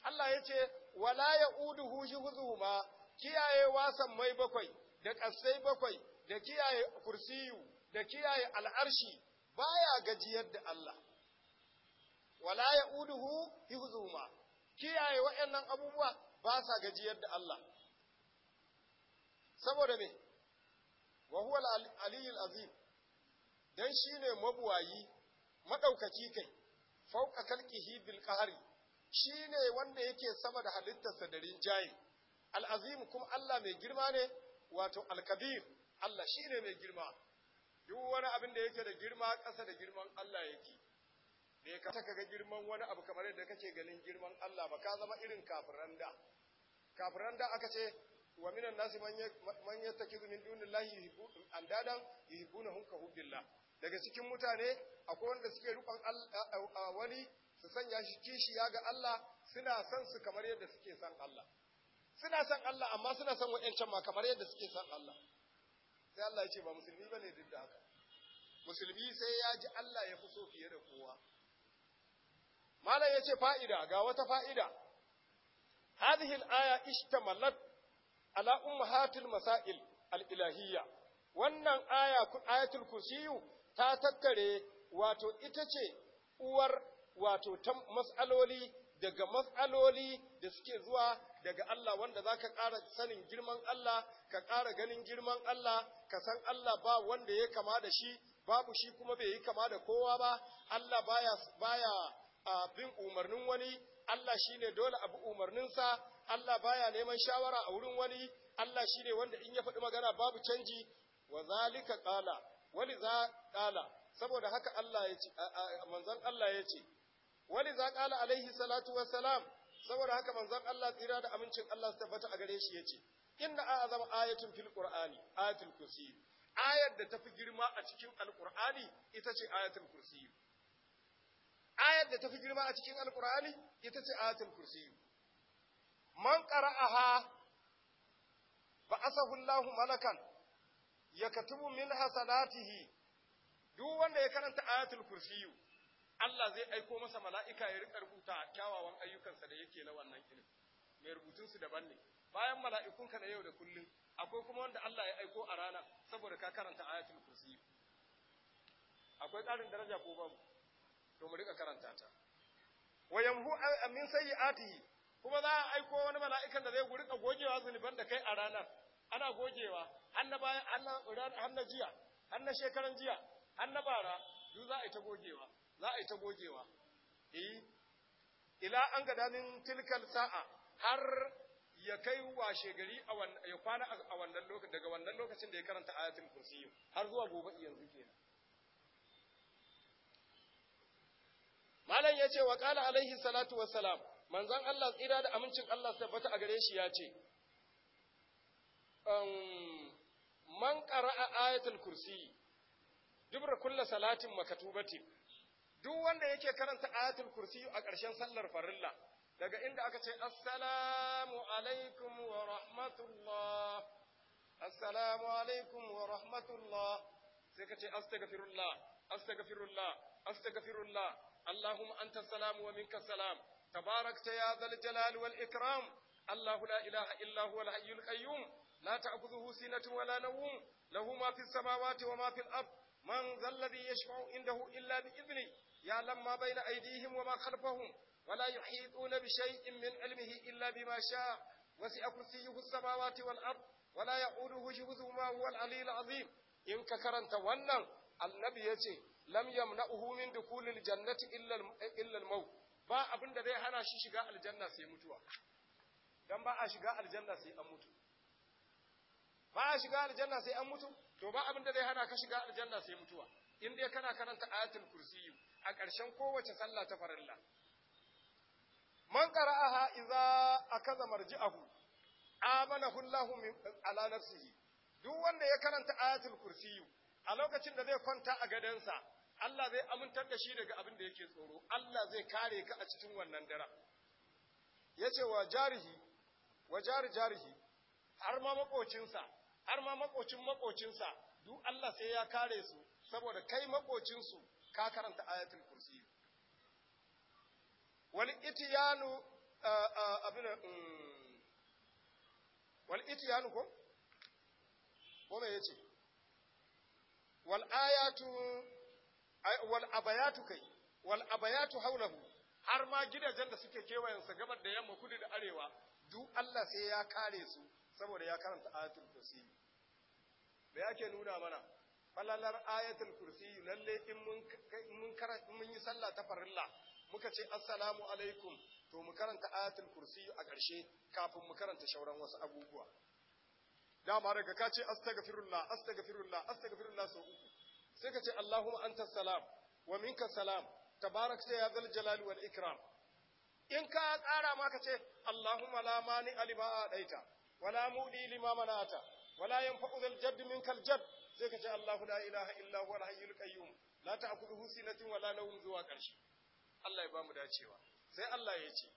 Allah ya ce wala ya'uduhu hifzuhuma kiyaye wasan mai bakwai da kasai bakwai da kiyaye kursiyu da kiyaye al'arshi baya gajiyar da Allah wala ya'uduhu hifzuhuma kiyaye wa’yannan abubuwa ba sa gajiyar da Allah saboda me wa huwa al-aliyyul azim dan shine mabuwayi maɗaukaki kai fauka kalkihi bil shi shine wanda yake sama da halittarsa da rinjaye al'azim kuma Allah mai girma ne wato alkabir Allah shine mai girma duk wani abin da yake da girma ƙasa da girman Allah yake Me ka taka ga girman wani abu kamar yadda kake ganin girman Allah ba ka zama irin kafiran da kafiran da aka ce wa minan nasi man yattakizu min dunillahi yuhibbu andadan yuhibbunahum ka hubbillah daga cikin mutane akwai wanda suke rukon wani su sanya shi kishi ya ga Allah suna son su kamar yadda suke son Allah suna son Allah amma suna son waɗancan ma kamar yadda suke son Allah sai Allah ya ce ba musulmi bane duk da haka musulmi sai ya ji Allah ya fi so fiye da kowa malam ya ce fa'ida ga wata fa'ida hadhihi al-aya ishtamalat ala ummahatil masail al-ilahiyya wannan aya ayatul kursiyu ta tattare wato ita ce uwar wato ta matsaloli daga matsaloli da suke zuwa daga Allah wanda za ka ƙara sanin girman Allah, ka ƙara ganin girman Allah, ka san Allah ba wanda ya kama da shi, babu shi kuma bai yi kama da kowa ba, Allah baya, baya a bin umarnin wani, Allah shi ne dole abu umarninsa, Allah baya neman shawara a wurin wani, Allah shi ne wanda in ya faɗi magana babu canji, wa zalika ƙala, wali za ƙala saboda haka Allah ya ce manzon Allah ya ce wali za ƙala alaihi salatu wa salam saboda haka manzon Allah tsira da amincin Allah su tabbata a gare shi ya ce inna azama ayatun fil qur'ani ayatul kursi ayar da tafi girma a cikin alqur'ani ita ce ayatul kursi ayar da tafi girma a cikin alqur'ani ita ce ayatul kursi man qara'aha ba asahullahu malakan Ya katubu min hasanatihi duk wanda ya karanta ayatul kursiyu Allah zai aiko masa mala'ika ya rika rubuta kyawawan ayyukansa da yake na wannan ilimi mai rubutun su daban ne bayan mala'ikunka na yau da kullum akwai kuma wanda Allah ya aiko a rana saboda ka karanta ayatul kursiyu akwai karin daraja ko babu to mu rika karanta ta wa yamhu min sayyi'atihi kuma za a aiko wani mala'ikan da zai rika gogewa zunuban da kai a ranar ana gogewa har na bayan jiya har na shekaran jiya har na bara duk za a yi ta gogewa za a yi ta gogewa eh ila an ga danin tilkal sa'a har ya kai washe gari ya kwana a wannan lokacin daga wannan lokacin da ya karanta ayatul kursi har zuwa gobe yanzu kenan malam yace wa qala alaihi salatu wassalam manzon Allah tsira da amincin Allah tabbata a gare shi yace man qara'a ayatul kursi dubra kullu salatin makatubatin duk wanda yake karanta ayatul kursi a ƙarshen sallar farilla daga inda aka ce assalamu alaikum wa rahmatullah assalamu alaikum wa rahmatullah sai ka ce astaghfirullah astaghfirullah astaghfirullah allahumma anta salam wa minka salam tabarakta ya zal jalal wal ikram allah la ilaha illa huwa al hayyul qayyum لا تأخذه سنة ولا نوم له ما في السماوات وما في الأرض من ذا الذي يشفع عنده إلا بإذنه يعلم ما بين أيديهم وما خلفهم ولا يحيطون بشيء من علمه إلا بما شاء وسع كرسيه السماوات والأرض ولا يعوده حفظهما هو العلي العظيم إن كرنت ونن النبي يجي لم يمنعه من دخول الجنة إلا إلا الموت ba abin da zai hana shi shiga aljanna sai mutuwa dan ba a shiga aljanna sai an mutu ba a shiga aljanna sai an mutu to ba abin da zai hana ka shiga aljanna sai mutuwa in dai kana karanta ayatul kursiyu a ƙarshen kowace sallah ta farilla man qara'aha idza akaza marji'ahu amanahu min ala nafsihi duk wanda ya karanta ayatul kursiyu a lokacin da zai kwanta a gadansa Allah zai amintar da shi daga abin da yake tsoro Allah zai kare ka a cikin wannan dara yace wa jarihi wa jari jarihi har ma makocinsa har ma makocin makocinsa duk Allah sai ya kare su saboda kai makocinsu ka karanta ayatul kursi wal itiyanu abin mm, wal itiyanu ko ko me yace wal ayatu wal abayatu kai wal abayatu haulahu har ma gidajen da suke kewayensa gabar da yamma kudu da arewa duk Allah sai ya kare su saboda ya karanta ayatul kursi me yake nuna mana falalar ayatul kursi lalle in mun mun karanta mun yi sallah ta farilla muka ce assalamu alaikum to mu karanta ayatul kursi a ƙarshe kafin mu karanta shauran wasu abubuwa dama daga ka ce astaghfirullah astaghfirullah astaghfirullah sau uku sai ka ce allahumma anta salam wa minka salam tabarak sai ya zal jalali wal ikram in ka tsara ma ka ce allahumma la mani alima a ɗaita. wala muɗi lima manata wala yanfa'u dhal kaljad zai kashe Allah ka ce Allahu la ilaha illa huwa al-hayyul qayyum la ta'khudhuhu sinatun wala nawm zuwa karshe Allah ya bamu dacewa sai Allah ya ce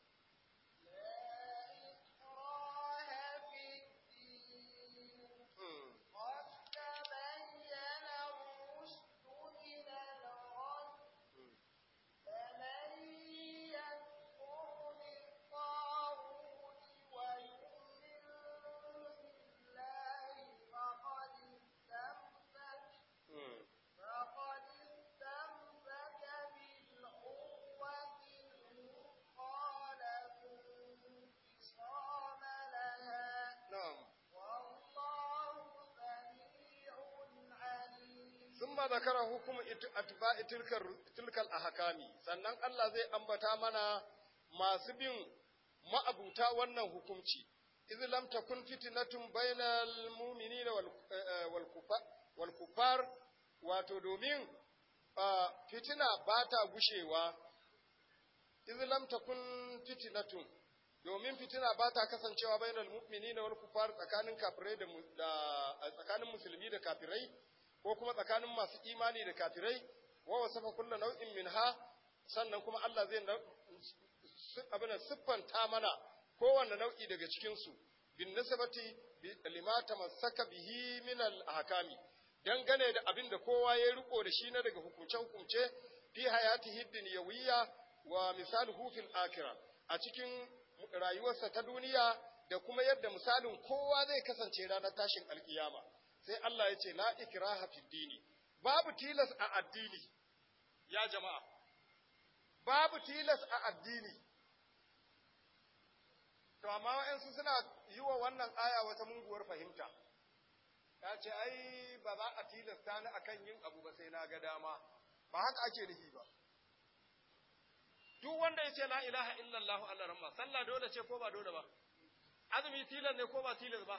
summa zakara hukum atba'i tilkal tilkal ahkami sannan Allah zai ambata mana masu bin ma'abuta wannan hukunci iz lam takun fitnatun bainal mu'minina wal eh, eh, wal kufar wato domin fitina ba ta gushewa iz lam takun fitnatun domin fitina ba ta kasancewa bainal mu'minina wal kufar tsakanin kafirai da tsakanin musulmi da kafirai ko kuma tsakanin masu imani da kafirai wa wasafa kullu nau'in minha sannan kuma Allah zai abin siffanta mana kowanne nau'i daga cikin su bin nasabati lima masaka bihi min al ahkami dangane da abin da kowa ya riko da shi na daga hukunce hukunce fi hiddin yawiya wa misaluhu fil akhirah a cikin rayuwarsa ta duniya da kuma yadda misalin kowa zai kasance ranar tashin alkiyama sai Allah ya ce la ikraha fid dini babu tilas a addini ya jama'a babu tilas a addini to amma wa'ansu suna yi wa wannan aya wata munguwar fahimta ya ce ai ba za a tilasta ni akan yin abu ba sai na ga dama ba haka ake nufi ba duk wanda ya ce la ilaha illallah Allah ramma sallah dole ce ko ba dole ba azumi tilas ne ko ba tilas ba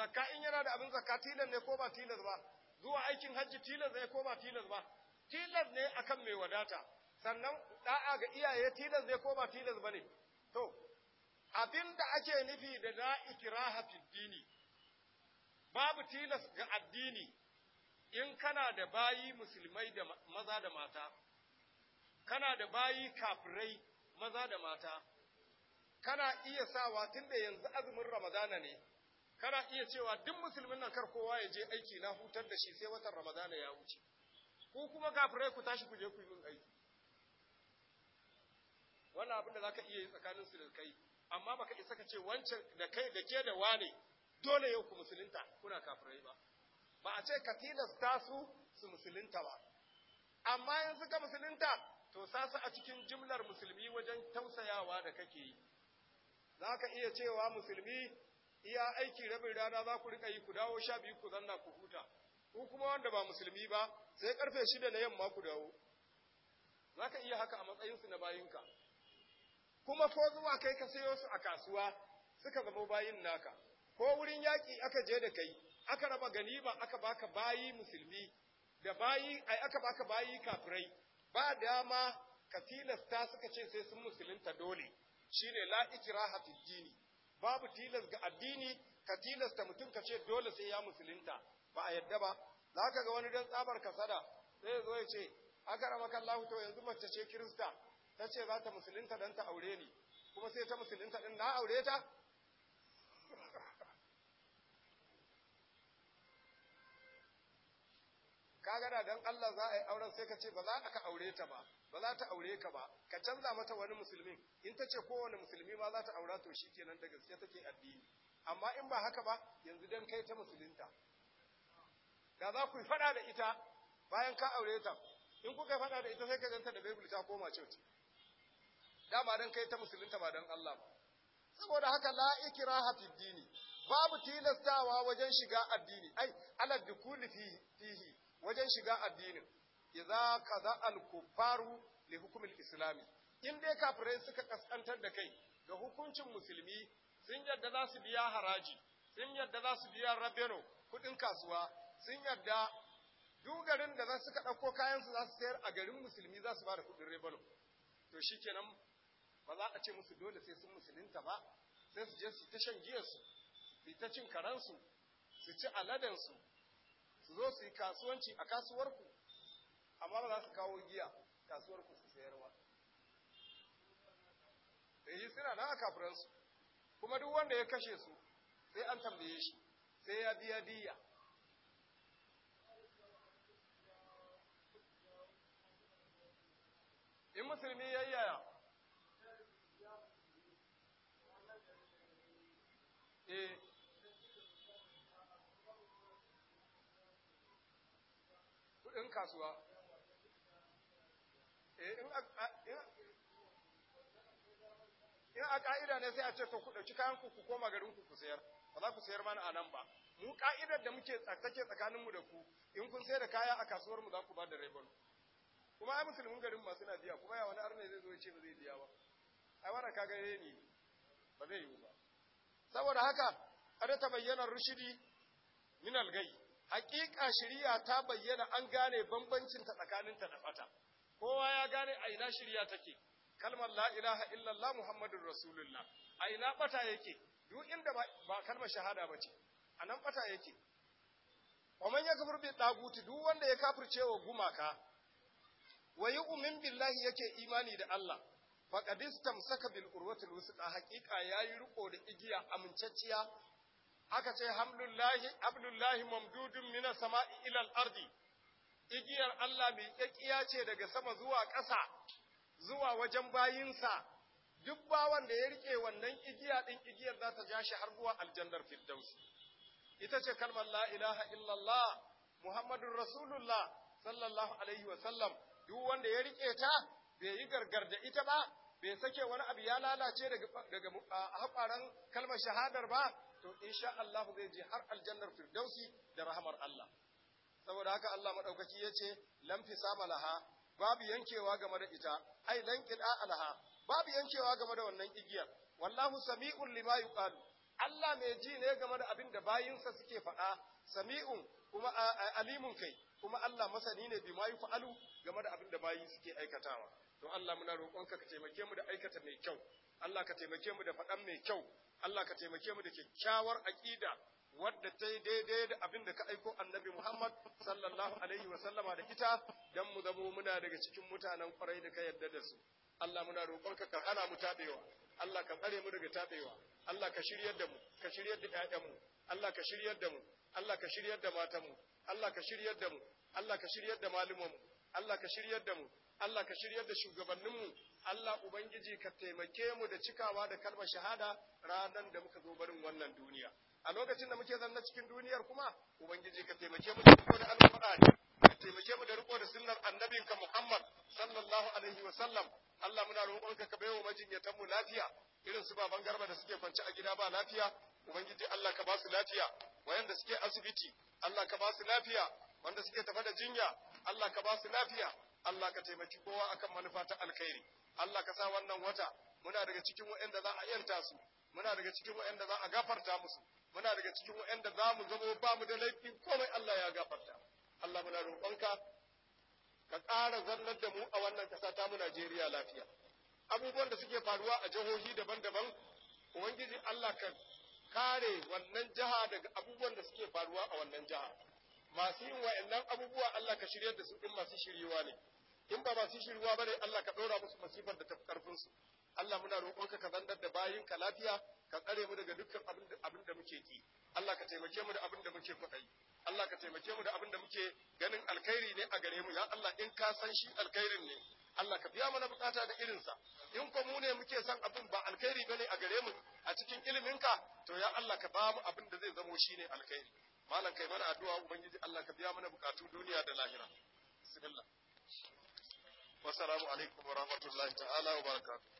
zakka in yana da abin zakka tilas ne ko ba tilas ba zuwa aikin hajji tilas ne ko ba tilas ba tilas ne akan mai wadata sannan da'a ga iyaye tilas ne ko ba tilas ba ne to abin da ake nufi da la ikraha fi dini babu tilas ga addini in kana da bayi musulmai da maza da mata kana da bayi kafirai maza da mata kana iya sawa tunda yanzu azumin ramadana ne kana iya cewa duk musulmin nan kar kowa ya je aiki na hutar da shi sai watan ramadana ya wuce ko kuma kafirai ku tashi ku je ku yi min aiki wannan abin da zaka iya yi tsakanin su da kai amma baka isa ka ce wancan da kai da ke da wane dole yau ku musulunta kuna kafirai ba ba a ce ka tilasta su su musulunta ba amma yanzu suka musulunta to su a cikin jimlar musulmi wajen tausayawa da kake yi za ka iya cewa musulmi iya aiki rabin rana za ku rika yi ku dawo sha biyu ku zanna ku huta ku kuma wanda ba musulmi ba sai karfe shida na yamma ku dawo za ka iya haka a matsayinsu na bayinka kuma ko zuwa kai ka sayo su a kasuwa suka zama bayin naka ko wurin yaƙi aka je da kai aka raba gani ganima aka baka bayi musulmi da bayi ai aka baka bayi kafirai ba dama ka tilasta suka ce sai sun musulunta dole shine la ikraha fid dini babu tilas ga addini ka tilasta mutum ka ce dole sai ya musulunta ba a yadda ba za ka ga wani don tsabar kasada sai ya zo ya ce aka rama to yanzu mace ce kirista ta ce za ta musulunta don ta aure ni kuma sai ta musulunta din na aure ta ka gada don Allah za a yi auren sai ka ce ba za ka aure ta ba ba za ta aure ka ba ka canza mata wani musulmin in ta ce kowane musulmi ba za ta aura to shi kenan da gaske take addini amma in ba haka ba yanzu dan kai ta musulunta da za ku yi fada da ita bayan ka aure ta in kuka fada da ita sai ka ganta da Bible ta koma church dama dan kai ta musulunta ba dan Allah ba saboda haka la ikraha fid dini babu tilastawa wajen shiga addini ai ala dukuli fihi wajen shiga addinin idza kaza al kuffaru li hukm al islami in dai kafirai suka kaskantar da kai ga hukuncin musulmi sun yadda za su biya haraji sun yadda za su biya rabeno kudin kasuwa sun yadda dugarin da za su ka ɗauko kayansu za su sayar a garin musulmi za su bada da kudin rabeno to shi kenan ba za a ce musu dole sai sun musulunta ba sai su je su ta shan giyarsu su ta cin karansu su ci aladansu su zo su yi kasuwanci a kasuwarku amma ba za su kawo giya kasuwar ku su sayarwa eh suna nan a kafiransu kuma duk wanda ya kashe su sai an tambaye shi sai ya biya diya in musulmi ya yi yaya eh kudin kasuwa Eh, in a ka'ida ne sai a ce to ku ɗauki kayan ku ku koma garin ku ku sayar ba za ku sayar mana a nan ba mu ka'idar da muke take tsakanin mu da ku in kun sayar da kaya a kasuwar mu za ku ba da rabon kuma ai musulmin garin ma suna biya kuma ya wani arne zai zo ya ce ba zai biya ba ai wannan kaga ne ne ba zai yi ba saboda haka kada ta bayyana rushidi min algai haƙiƙa shari'a ta bayyana an gane bambancin ta tsakaninta da fata gane a ina shirya take kalmar la ilaha illallah muhammadur rasulullah a ina bata yake duk inda ba kalmar shahada bace a nan bata yake wa man yakfur bi taguti duk wanda ya kafirce wa gumaka wa yu'min billahi yake imani da Allah faqad istamsaka bil urwati wusqa haqiqa yayi riko da igiya amincacciya aka ce hamdulillahi abdullahi mamdudun minas sama'i ilal ardi igiyar Allah mai ƙyaƙiya ce daga sama zuwa ƙasa, zuwa wajen bayinsa, duk bawan da ya riƙe wannan igiya ɗin igiyar za ta ja shi har zuwa aljannar firdausi. Ita ce kalmar la ilaha illallah Muhammadun Rasulullah sallallahu alaihi wa sallam duk wanda ya riƙe ta bai yi gargar da ita ba bai sake wani abu ya lalace daga daga kalmar shahadar ba to insha Allah zai je har aljannar firdausi da rahamar Allah. saboda haka Allah madaukaki yace lam fisama laha babu yankewa game da ita ai lan qida laha babu yankewa game da wannan igiyar wallahu sami'un lima yuqalu Allah mai ji ne game da abin da bayinsa suke faɗa sami'un kuma alimun kai kuma Allah masani ne bi ma game da abin da bayi suke aikatawa To Allah muna roƙonka ka taimake mu da aikata mai kyau Allah ka taimake mu da faɗan mai kyau Allah ka taimake mu da kyakkyawar aƙida wadda ta yi daidai da abin da ka aiko annabi Muhammad sallallahu alaihi wa sallama da ita don mu zamo muna daga cikin mutanen kwarai da ka yadda da su Allah muna roƙonka ka hana mu tabewa Allah ka tsare mu daga tabewa Allah ka shiryar da mu ka shiryar da Allah ka shiryar da mu Allah ka shiryar da matanmu Allah ka shiryar da mu Allah ka shiryar da malumanmu Allah ka shiryar da mu Allah ka shiryar da shugabanninmu, Allah Ubangiji ka taimake mu da cikawa da kalmar shahada ranar da muka zo barin wannan duniya. A lokacin da muke zanna cikin duniyar kuma, Ubangiji ka taimake mu da riko da alƙur'ani, ka taimake mu da riko da sunnar annabinka Muhammad sallallahu alaihi wa sallam. Allah muna roƙonka ka baiwa majinyatan mu lafiya, irin su baban garba da suke kwance a gida ba lafiya, Ubangiji Allah ka ba su lafiya, wayanda suke asibiti, Allah ka ba su lafiya, wanda suke tafa da jinya, Allah ka ba su lafiya, Allah ka taimaki kowa akan manufa ta alkhairi Allah ka sa wannan wata muna daga cikin waɗanda za a yanta su muna daga cikin waɗanda za a gafarta musu muna daga cikin waɗanda za mu zama ba mu da laifi komai Allah ya gafarta Allah muna roƙonka ka ƙara zannar da mu a wannan ƙasa ta mu Najeriya lafiya abubuwan da suke faruwa a jihohi daban-daban ubangiji Allah ka kare wannan jaha daga abubuwan da suke faruwa a wannan jaha masu yin wa'annan abubuwa Allah ka shiryar da su in masu shiriwa ne in ba masu shiriwa bane Allah ka ɗora musu masifar da tafi karfin su Allah muna roƙonka ka zandar da bayin ka lafiya ka tsare mu daga dukkan abin da muke ki Allah ka taimake mu da abin da muke kwaɗayi Allah ka taimake mu da abin da muke ganin alkhairi ne a gare mu ya Allah in ka san shi alkhairin ne Allah ka biya mana bukata da irinsa in ko mu ne muke san abin ba alkhairi bane a gare mu a cikin iliminka to ya Allah ka ba mu abin da zai zamo shi ne alkhairi malam kai mana addu'a ubangiji Allah ka biya mana bukatun duniya da lahira bismillah wassalamu alaikum wa ta'ala wa barakatuh